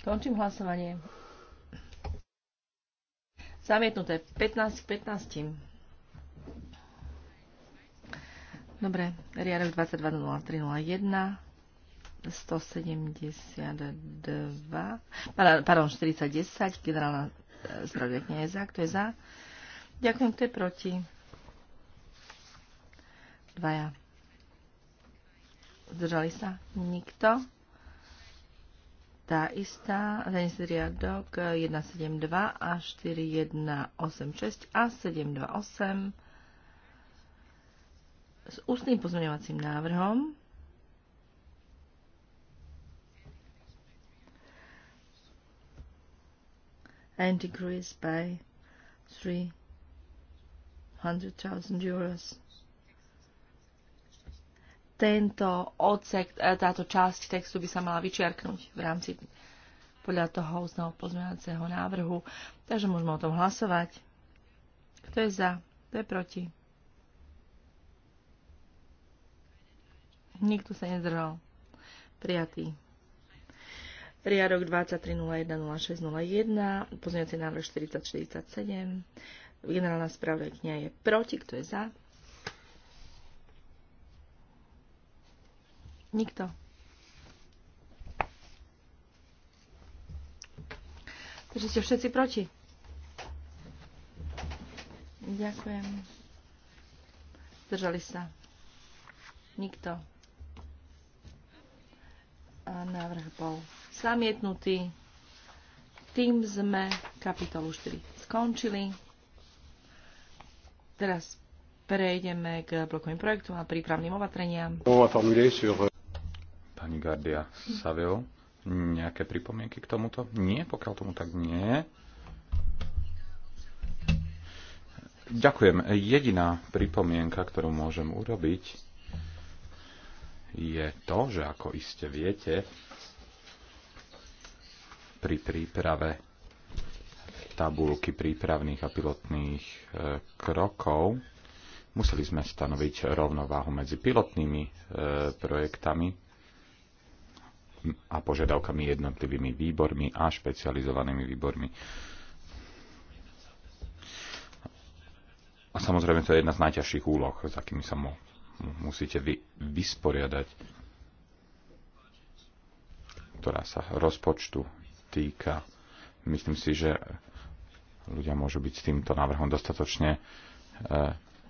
Speaker 3: Končím hlasovanie. Zamietnuté 15 k 15. Dobre, riadok 22.03.01, 172, pardon, 4010, generálna e, spravodajkňa je za, kto je za. Ďakujem, kto je proti. Dvaja Zdržali sa? Nikto. Tá istá, ten istý riadok 172 eh, a 4186 a 728 s ústnym pozmeňovacím návrhom. and decrease by 300,000 euros tento odsek, e, táto časť textu by sa mala vyčiarknúť v rámci podľa toho ústneho pozmeňovacieho návrhu. Takže môžeme o tom hlasovať. Kto je za? Kto je proti? Nikto sa nezdržal. Prijatý. 2301 23010601, pozmeňovací návrh 4047. Generálna spravodajkňa je proti, kto je za? Nikto. Takže ste všetci proti. Ďakujem. Zdržali sa. Nikto. A návrh bol zamietnutý. Tým sme kapitolu 4 skončili. Teraz prejdeme k blokovým projektom a prípravným opatreniam
Speaker 2: pani Gardia Savio. Nejaké pripomienky k tomuto? Nie, pokiaľ tomu tak nie. Ďakujem. Jediná pripomienka, ktorú môžem urobiť, je to, že ako iste viete, pri príprave tabulky prípravných a pilotných e, krokov museli sme stanoviť rovnováhu medzi pilotnými e, projektami a požiadavkami jednotlivými výbormi a špecializovanými výbormi. A samozrejme to je jedna z najťažších úloh, s akými sa mu, musíte vy, vysporiadať, ktorá sa rozpočtu týka. Myslím si, že ľudia môžu byť s týmto návrhom dostatočne e,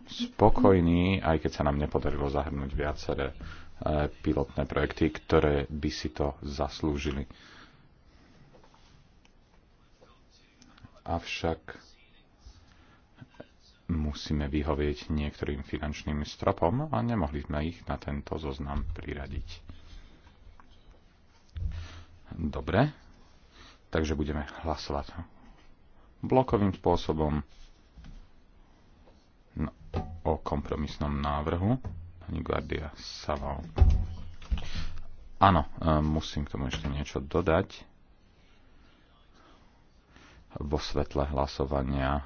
Speaker 2: spokojní, aj keď sa nám nepodarilo zahrnúť viaceré E, pilotné projekty, ktoré by si to zaslúžili. Avšak musíme vyhovieť niektorým finančným stropom a nemohli sme ich na tento zoznam priradiť. Dobre, takže budeme hlasovať blokovým spôsobom no, o kompromisnom návrhu. Pani Guardia Saval. Áno, e, musím k tomu ešte niečo dodať. Vo svetle hlasovania e,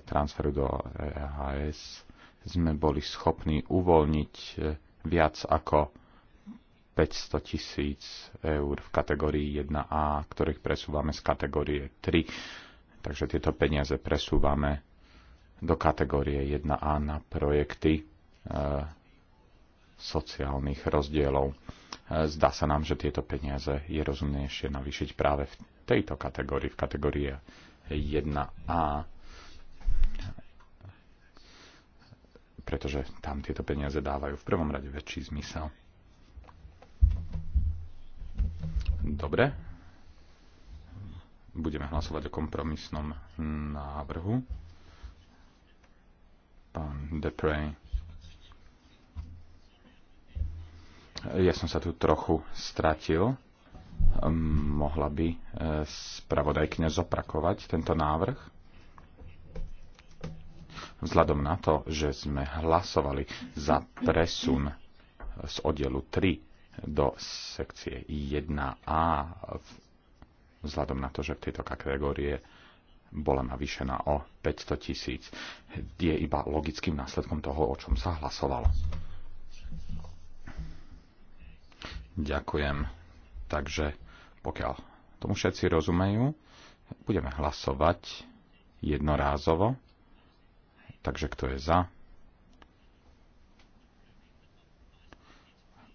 Speaker 2: transferu do EHS sme boli schopní uvoľniť e, viac ako 500 tisíc eur v kategórii 1A, ktorých presúvame z kategórie 3. Takže tieto peniaze presúvame do kategórie 1A na projekty e, sociálnych rozdielov. E, zdá sa nám, že tieto peniaze je rozumnejšie navýšiť práve v tejto kategórii, v kategórii 1A, pretože tam tieto peniaze dávajú v prvom rade väčší zmysel. Dobre. Budeme hlasovať o kompromisnom návrhu pán Depre. Ja som sa tu trochu stratil. Ehm, mohla by e, spravodajkňa zoprakovať tento návrh? Vzhľadom na to, že sme hlasovali za presun z oddielu 3 do sekcie 1a, vzhľadom na to, že v tejto kategórie bola navýšená o 500 tisíc. Je iba logickým následkom toho, o čom sa hlasovalo. Ďakujem. Takže pokiaľ tomu všetci rozumejú, budeme hlasovať jednorázovo. Takže kto je za?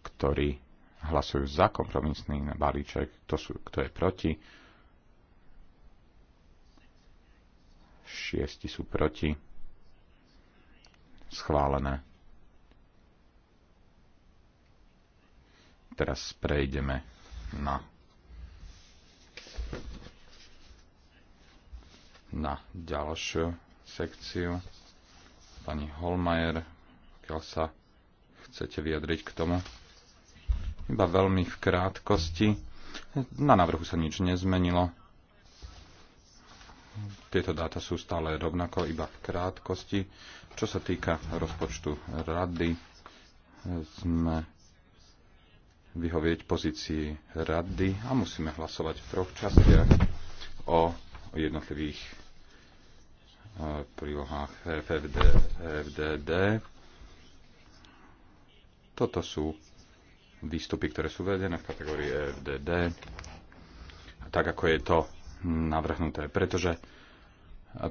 Speaker 2: Ktorí hlasujú za kompromisný balíček, kto, sú, kto je proti? šiesti sú proti. Schválené. Teraz prejdeme na na ďalšiu sekciu. Pani Holmajer, pokiaľ sa chcete vyjadriť k tomu. Iba veľmi v krátkosti. Na návrhu sa nič nezmenilo tieto dáta sú stále rovnako, iba v krátkosti. Čo sa týka rozpočtu rady, sme vyhovieť pozícii rady a musíme hlasovať v troch častiach o jednotlivých eh, prílohách FFD, FDD. Toto sú výstupy, ktoré sú vedené v kategórii FDD. Tak ako je to navrhnuté, pretože,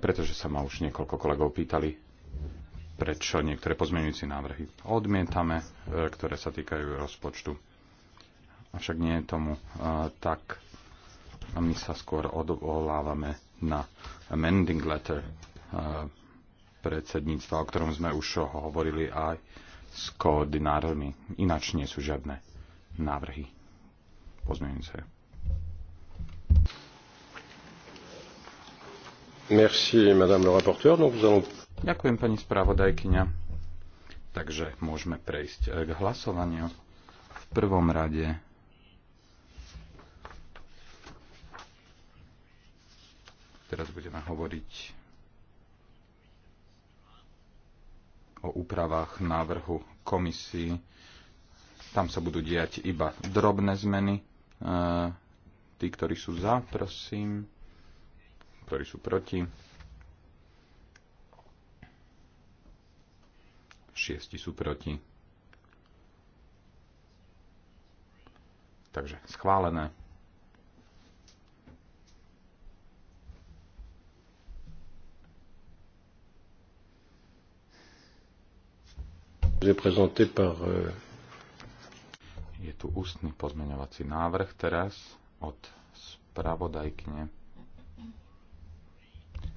Speaker 2: pretože sa ma už niekoľko kolegov pýtali, prečo niektoré pozmeňujúce návrhy odmietame, e, ktoré sa týkajú rozpočtu. Avšak nie je tomu e, tak. My sa skôr odvolávame na amending letter e, predsedníctva, o ktorom sme už hovorili aj s koordinárovmi. Ináč nie sú žiadne návrhy pozmeňujúce. Ďakujem, pani spravodajkyňa. Takže môžeme prejsť eh, k hlasovaniu. V prvom rade teraz budeme hovoriť o úpravách návrhu komisii. Tam sa budú diať iba drobné zmeny. Eh, tí, ktorí sú za, prosím ktorí sú proti. Šiesti sú proti. Takže schválené. Euh, Je tu ústny pozmeňovací návrh teraz od spravodajkne.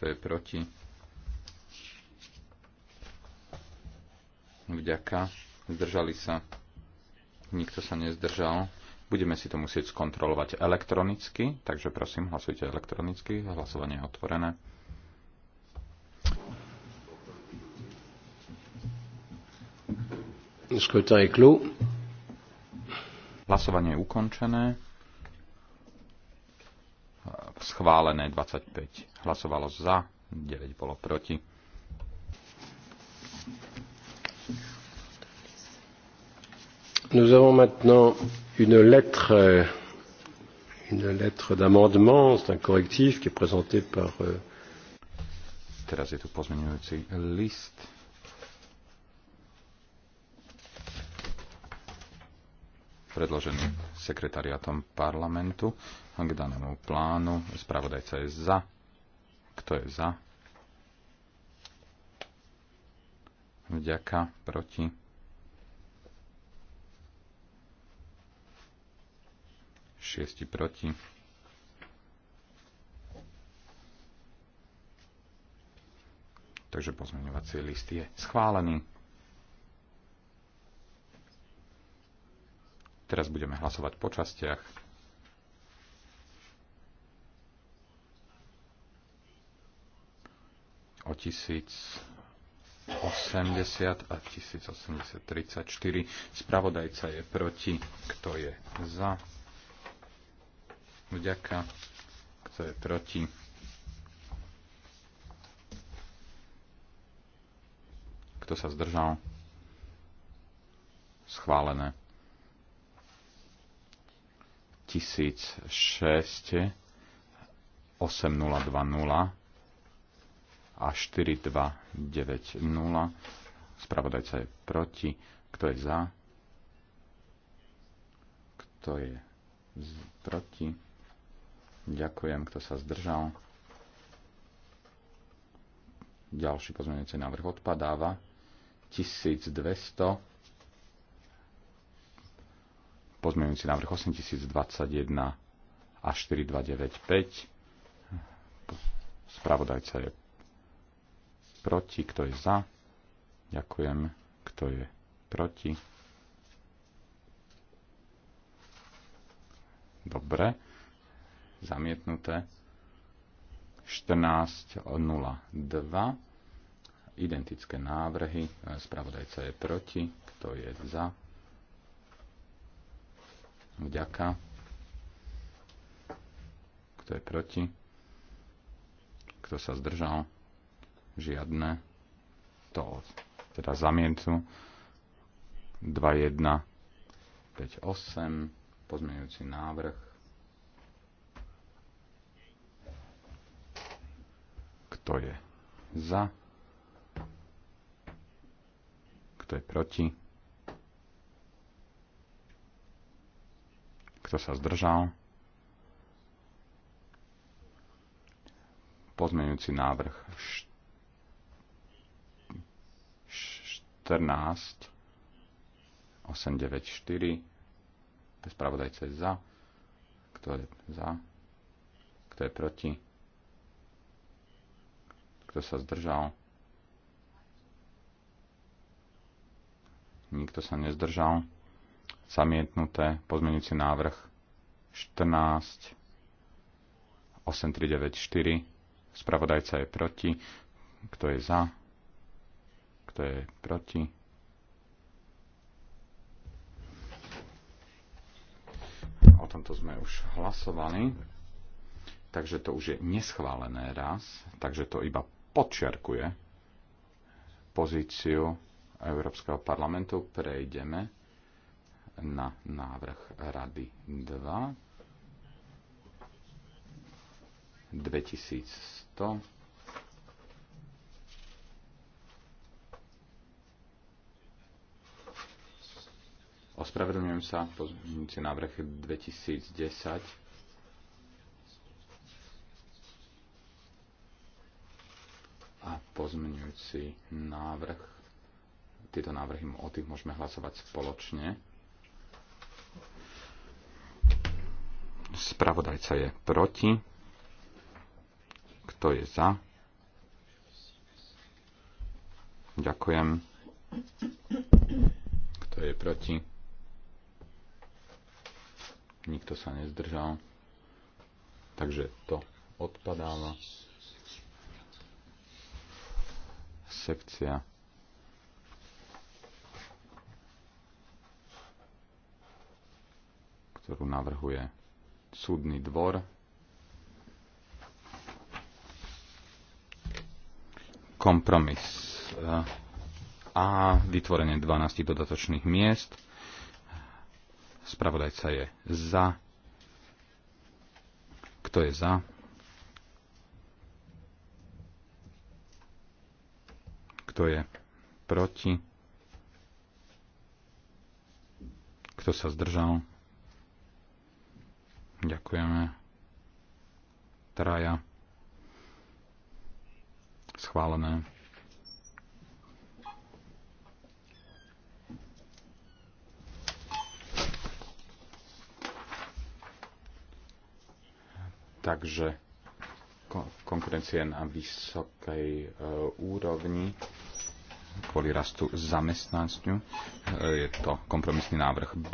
Speaker 2: kto je proti. Vďaka. Zdržali sa. Nikto sa nezdržal. Budeme si to musieť skontrolovať elektronicky, takže prosím, hlasujte elektronicky. Hlasovanie je otvorené. Hlasovanie je ukončené schválené 25 hlasovalo za, 9 bolo proti. Nous avons maintenant une lettre, une lettre d'amendement, c'est un correctif qui est présenté par. Euh, Teraz je tu pozmeňujúci list. predložený sekretariatom parlamentu k danému plánu. Spravodajca je za. Kto je za? Vďaka. Proti. Šiesti proti. Takže pozmeňovací list je schválený. Teraz budeme hlasovať po častiach. o 1080 a 1834. Spravodajca je proti. Kto je za? Vďaka. Kto je proti? Kto sa zdržal? Schválené. 1600 8020 a 4290. Spravodajca je proti. Kto je za? Kto je proti? Ďakujem, kto sa zdržal. Ďalší pozmeňujúci návrh odpadáva. 1200. Pozmeňujúci návrh 8021 a 4295. Spravodajca je proti, kto je za. Ďakujem, kto je proti. Dobre, zamietnuté. 14.02 identické návrhy. Spravodajca je proti. Kto je za? Vďaka. Kto je proti? Kto sa zdržal? žiadne. To teda zamietnú. 2, 1, 5, 8, pozmeňujúci návrh. Kto je za? Kto je proti? Kto sa zdržal? Pozmeňujúci návrh 4. 14 894 spravodajca je za kto je za kto je proti kto sa zdržal nikto sa nezdržal zamietnuté pozmenujúci návrh 14 8394 spravodajca je proti kto je za kto je proti? O tomto sme už hlasovali. Takže to už je neschválené raz. Takže to iba podčiarkuje pozíciu Európskeho parlamentu. Prejdeme na návrh Rady 2. 2100 Ospravedlňujem sa, pozmeňujúci návrh 2010. A pozmeňujúci návrh, tieto návrhy, o tých môžeme hlasovať spoločne. Spravodajca je proti. Kto je za? Ďakujem. Kto je proti? nikto sa nezdržal, takže to odpadáva. Sekcia ktorú navrhuje súdny dvor. Kompromis eh, a vytvorenie 12 dodatočných miest. Spravodajca je za. Kto je za? Kto je proti? Kto sa zdržal? Ďakujeme. Traja. Schválené. Takže konkurencia na vysokej e, úrovni kvôli rastu zamestnancňu. E, je to kompromisný návrh B.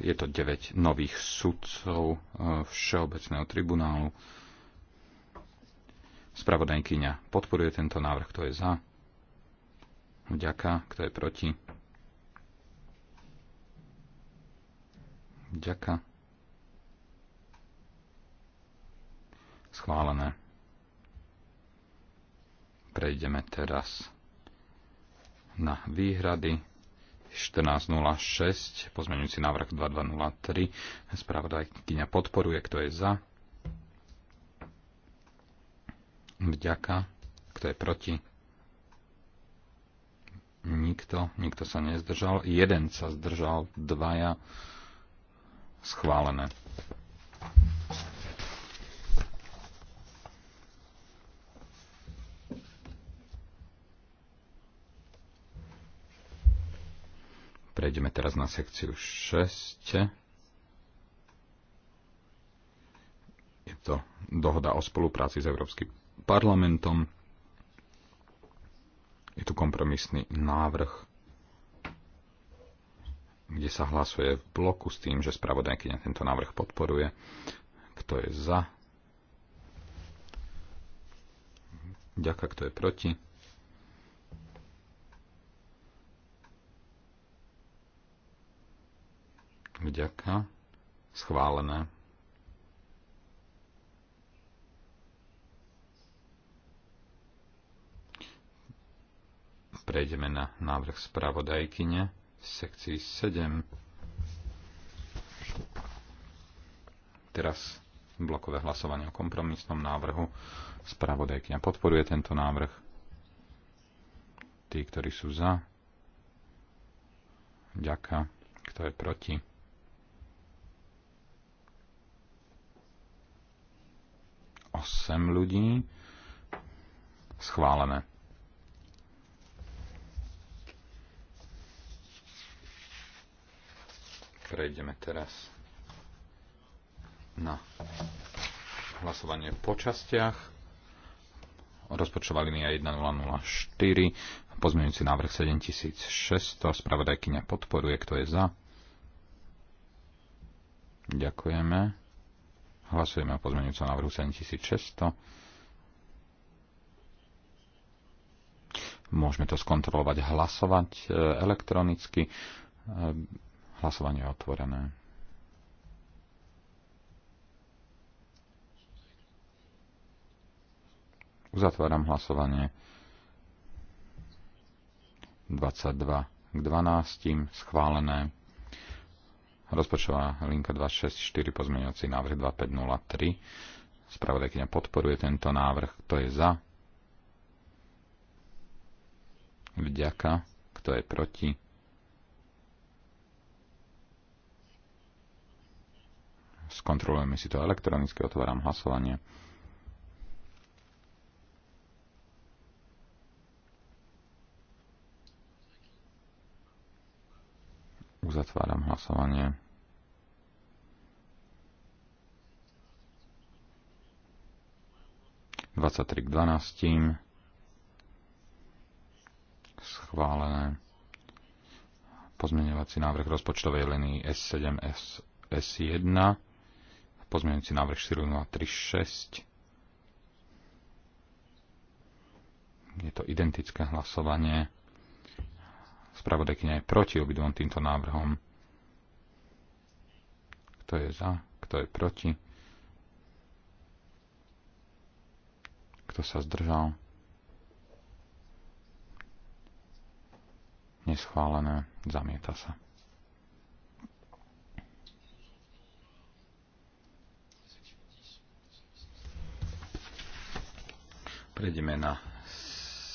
Speaker 2: Je to 9 nových sudcov e, Všeobecného tribunálu. Spravodajkyňa podporuje tento návrh, kto je za. Ďaká, kto je proti. Ďaká. Schválené. Prejdeme teraz na výhrady 1406, pozmeňujúci návrh 2203. Spravodajkyňa podporuje, kto je za. Vďaka. Kto je proti? Nikto. Nikto sa nezdržal. Jeden sa zdržal. Dvaja. Schválené. Prejdeme teraz na sekciu 6. Je to dohoda o spolupráci s Európskym parlamentom. Je tu kompromisný návrh, kde sa hlasuje v bloku s tým, že spravodajkyňa tento návrh podporuje. Kto je za? Ďaká, kto je proti? Vďaka. Schválené. Prejdeme na návrh spravodajkyne v sekcii 7. Teraz blokové hlasovanie o kompromisnom návrhu. Spravodajkyňa podporuje tento návrh. Tí, ktorí sú za. Ďaká. Kto je proti? 8 ľudí. Schválené. Prejdeme teraz na hlasovanie po častiach. Rozpočtová linia 1004, pozmeňujúci návrh 7600, spravodajkyňa podporuje, kto je za. Ďakujeme. Hlasujeme o pozmeňujúcom návrhu 7600. Môžeme to skontrolovať, hlasovať e, elektronicky. E, hlasovanie je otvorené. Uzatváram hlasovanie. 22 k 12. Schválené rozpočtová linka 264, pozmeňovací návrh 2503. Spravodajkyňa podporuje tento návrh. Kto je za? Vďaka. Kto je proti? Skontrolujeme si to elektronicky, otváram hlasovanie. Uzatváram hlasovanie. Dvadsaťtri k dvanáctim. Schválené. Pozmeňovací návrh rozpočtovej liny S7, S, S1. Pozmeňovací návrh 4036. Je to identické hlasovanie. Spravodajkynia je proti obidvom týmto návrhom. Kto je za? Kto je proti? Kto sa zdržal? Neschválené. Zamieta sa. Prejdeme na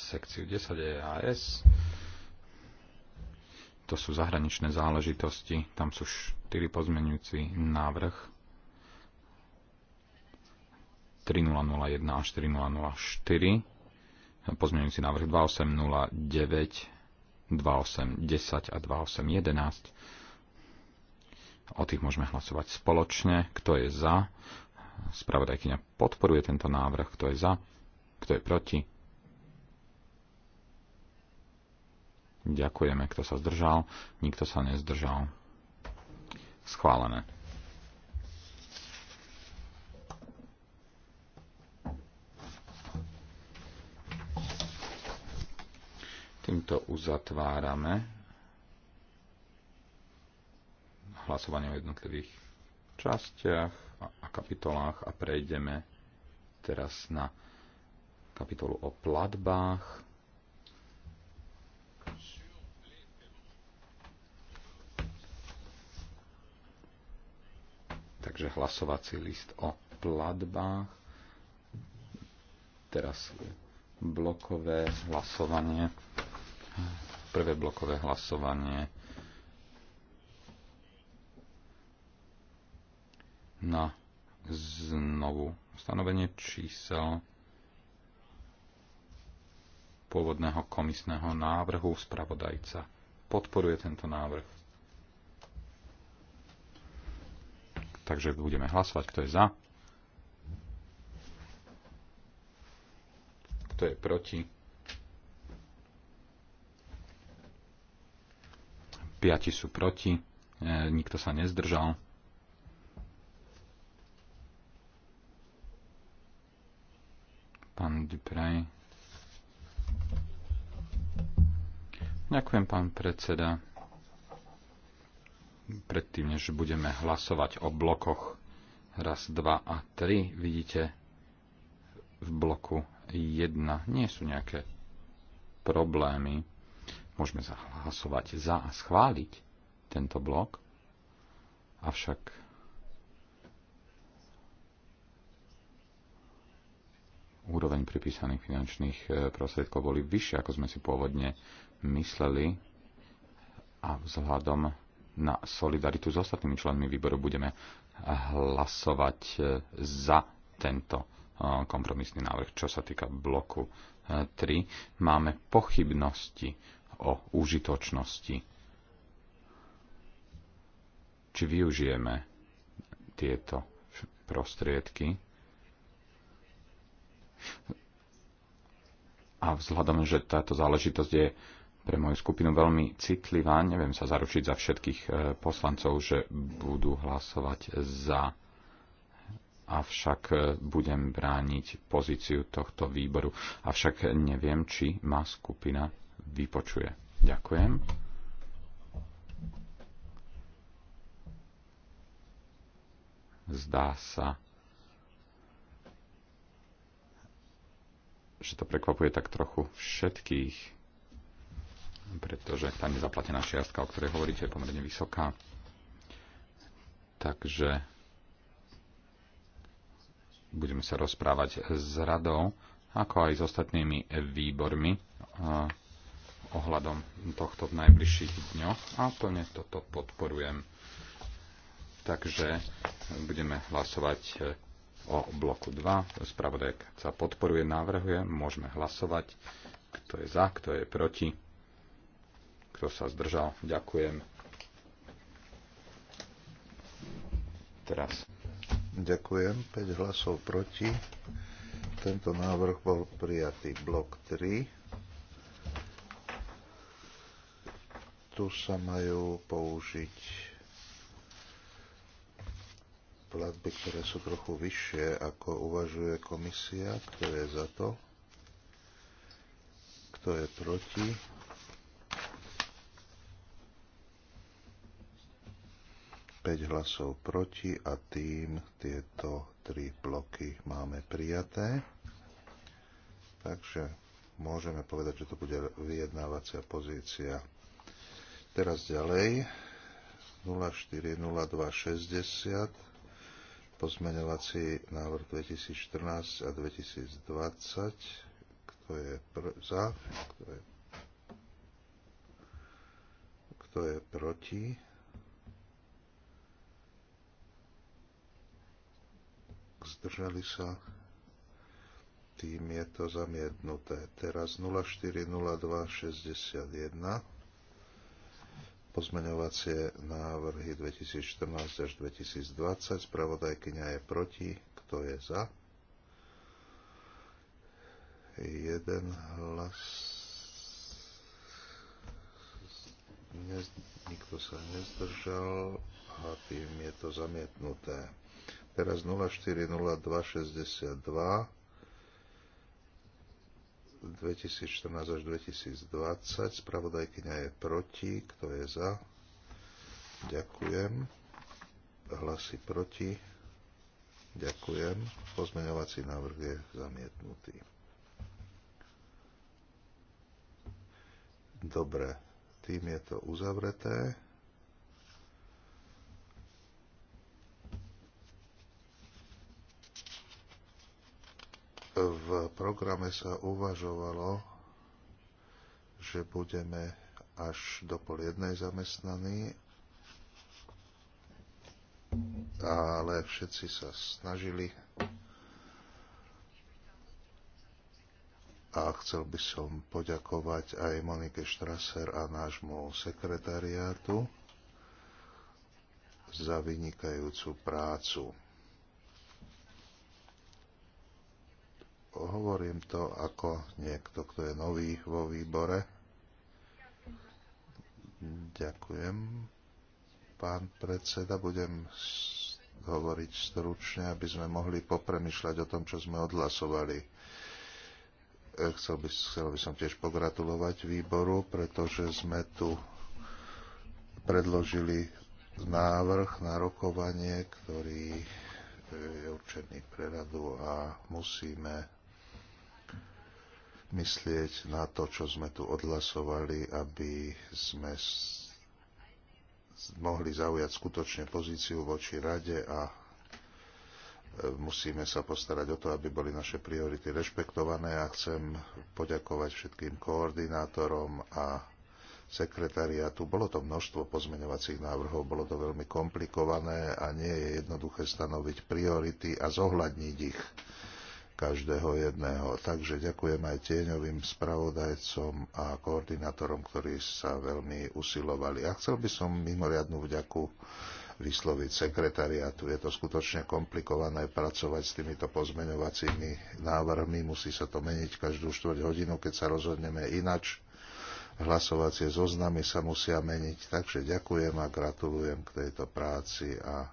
Speaker 2: sekciu 10 EAS to sú zahraničné záležitosti, tam sú štyri pozmenujúci návrh 3001 až 3004 pozmenujúci návrh 2809, 2810 a 2811. O tých môžeme hlasovať spoločne. Kto je za? Spravodajkyňa podporuje tento návrh. Kto je za? Kto je proti? Ďakujeme, kto sa zdržal. Nikto sa nezdržal. Schválené. Týmto uzatvárame hlasovanie o jednotlivých častiach a kapitolách a prejdeme teraz na kapitolu o platbách. Takže hlasovací list o platbách. Teraz blokové hlasovanie. Prvé blokové hlasovanie na znovu stanovenie čísel pôvodného komisného návrhu spravodajca. Podporuje tento návrh. Takže budeme hlasovať, kto je za. Kto je proti. 5 sú proti. E, nikto sa nezdržal. Pán Duprej. Ďakujem, pán predseda predtým, než budeme hlasovať o blokoch raz, 2 a 3, vidíte v bloku 1 nie sú nejaké problémy. Môžeme hlasovať za a schváliť tento blok. Avšak úroveň pripísaných finančných e, prostriedkov boli vyššie, ako sme si pôvodne mysleli a vzhľadom na solidaritu s ostatnými členmi výboru budeme hlasovať e, za tento e, kompromisný návrh. Čo sa týka bloku 3, e, máme pochybnosti o užitočnosti. Či využijeme tieto prostriedky a vzhľadom, že táto záležitosť je pre moju skupinu veľmi citlivá. Neviem sa zaručiť za všetkých e, poslancov, že budú hlasovať za. Avšak e, budem brániť pozíciu tohto výboru. Avšak neviem, či ma skupina vypočuje. Ďakujem. Zdá sa, že to prekvapuje tak trochu všetkých pretože tá nezaplatená šiastka, o ktorej hovoríte, je pomerne vysoká. Takže budeme sa rozprávať s radou, ako aj s ostatnými výbormi ohľadom tohto v najbližších dňoch a plne toto podporujem. Takže budeme hlasovať o bloku 2. Spravodajka podporuje, návrhuje, môžeme hlasovať, kto je za, kto je proti. Kto sa zdržal? Ďakujem.
Speaker 1: Teraz. Ďakujem. 5 hlasov proti. Tento návrh bol prijatý. Blok 3. tu sa majú použiť platby, ktoré sú trochu vyššie, ako uvažuje komisia. Kto je za to? Kto je proti? 5 hlasov proti a tým tieto tri bloky máme prijaté. Takže môžeme povedať, že to bude vyjednávacia pozícia. Teraz ďalej 040260 pozmeňovací návrh 2014 a 2020. Kto je pr- za? Kto je, kto je proti? zdržali sa, tým je to zamietnuté. Teraz 040261, pozmeňovacie návrhy 2014 až 2020, spravodajkynia je proti, kto je za? Jeden hlas nikto sa nezdržal a tým je to zamietnuté. Teraz 040262 2014 až 2020. Spravodajkyňa je proti. Kto je za? Ďakujem. Hlasy proti. Ďakujem. Pozmeňovací návrh je zamietnutý. Dobre, tým je to uzavreté. v programe sa uvažovalo, že budeme až do pol jednej zamestnaní, ale všetci sa snažili a chcel by som poďakovať aj Monike Štraser a nášmu sekretariátu za vynikajúcu prácu. hovorím to ako niekto, kto je nový vo výbore. Ďakujem. Pán predseda, budem hovoriť stručne, aby sme mohli popremýšľať o tom, čo sme odhlasovali. E, chcel by, chcel by som tiež pogratulovať výboru, pretože sme tu predložili návrh na rokovanie, ktorý e, je určený pre radu a musíme myslieť na to, čo sme tu odhlasovali, aby sme mohli zaujať skutočne pozíciu voči rade a e, musíme sa postarať o to, aby boli naše priority rešpektované a chcem poďakovať všetkým koordinátorom a sekretariátu. Bolo to množstvo pozmeňovacích návrhov, bolo to veľmi komplikované a nie je jednoduché stanoviť priority a zohľadniť ich každého jedného. Takže ďakujem aj tieňovým spravodajcom a koordinátorom, ktorí sa veľmi usilovali. A chcel by som mimoriadnú vďaku vysloviť sekretariatu. Je to skutočne komplikované pracovať s týmito pozmeňovacími návrhmi. Musí sa to meniť každú štvrť hodinu, keď sa rozhodneme inač. Hlasovacie zoznamy sa musia meniť. Takže ďakujem a gratulujem k tejto práci a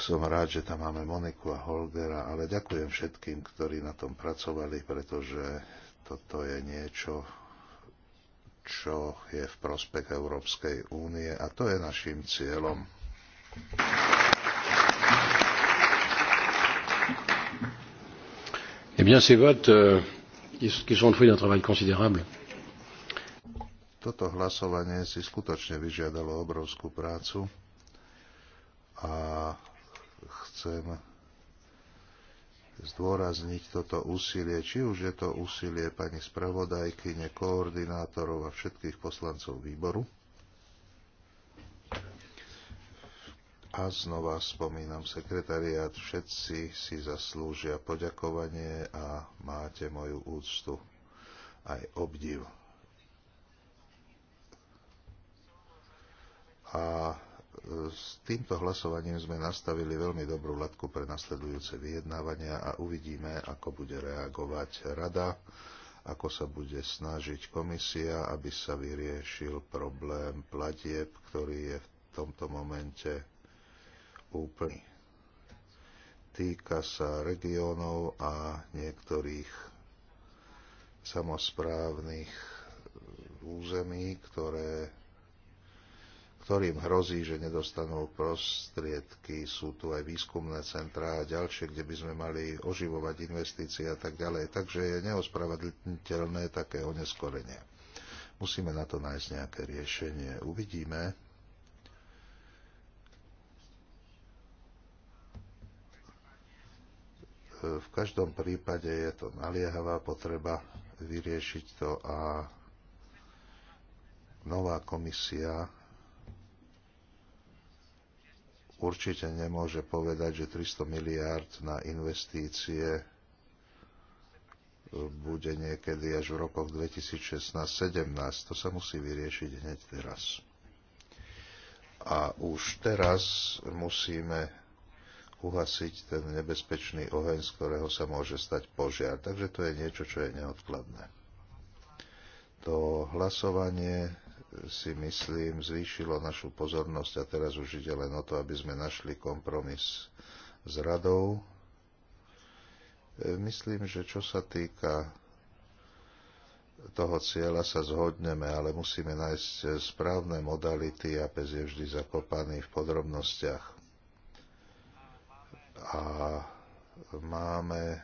Speaker 1: som rád, že tam máme Moniku a Holgera, ale ďakujem všetkým, ktorí na tom pracovali, pretože toto je niečo, čo je v prospech Európskej únie a to je našim cieľom.
Speaker 2: Eh bien, ces votes, euh, qui sont le fruit d'un travail considérable,
Speaker 1: toto hlasovanie si skutočne vyžiadalo obrovskú prácu a chcem zdôrazniť toto úsilie, či už je to úsilie pani spravodajkyne, koordinátorov a všetkých poslancov výboru. A znova spomínam sekretariát, všetci si zaslúžia poďakovanie a máte moju úctu aj obdiv. A s týmto hlasovaním sme nastavili veľmi dobrú latku pre nasledujúce vyjednávania a uvidíme, ako bude reagovať rada, ako sa bude snažiť komisia, aby sa vyriešil problém platieb, ktorý je v tomto momente úplný. Týka sa regiónov a niektorých samozprávnych území, ktoré ktorým hrozí, že nedostanú prostriedky. Sú tu aj výskumné centrá a ďalšie, kde by sme mali oživovať investície a tak ďalej. Takže je neospravedlniteľné také oneskorenie. Musíme na to nájsť nejaké riešenie. Uvidíme. V každom prípade je to naliehavá potreba vyriešiť to a nová komisia určite nemôže povedať, že 300 miliárd na investície bude niekedy až v rokoch 2016-17. To sa musí vyriešiť hneď teraz. A už teraz musíme uhasiť ten nebezpečný oheň, z ktorého sa môže stať požiar. Takže to je niečo, čo je neodkladné. To hlasovanie si myslím, zvýšilo našu pozornosť a teraz už ide len o to, aby sme našli kompromis s radou. E, myslím, že čo sa týka toho cieľa sa zhodneme, ale musíme nájsť správne modality a pes je vždy zakopaný v podrobnostiach. A máme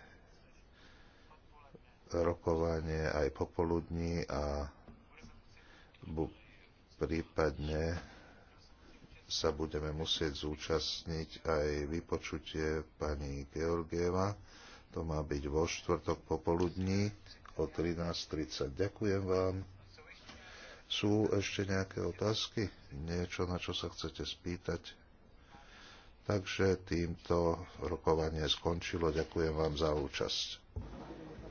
Speaker 1: rokovanie aj popoludní a prípadne sa budeme musieť zúčastniť aj vypočutie pani Georgieva. To má byť vo štvrtok popoludní o 13.30. Ďakujem vám. Sú ešte nejaké otázky? Niečo, na čo sa chcete spýtať? Takže týmto rokovanie skončilo. Ďakujem vám za účasť.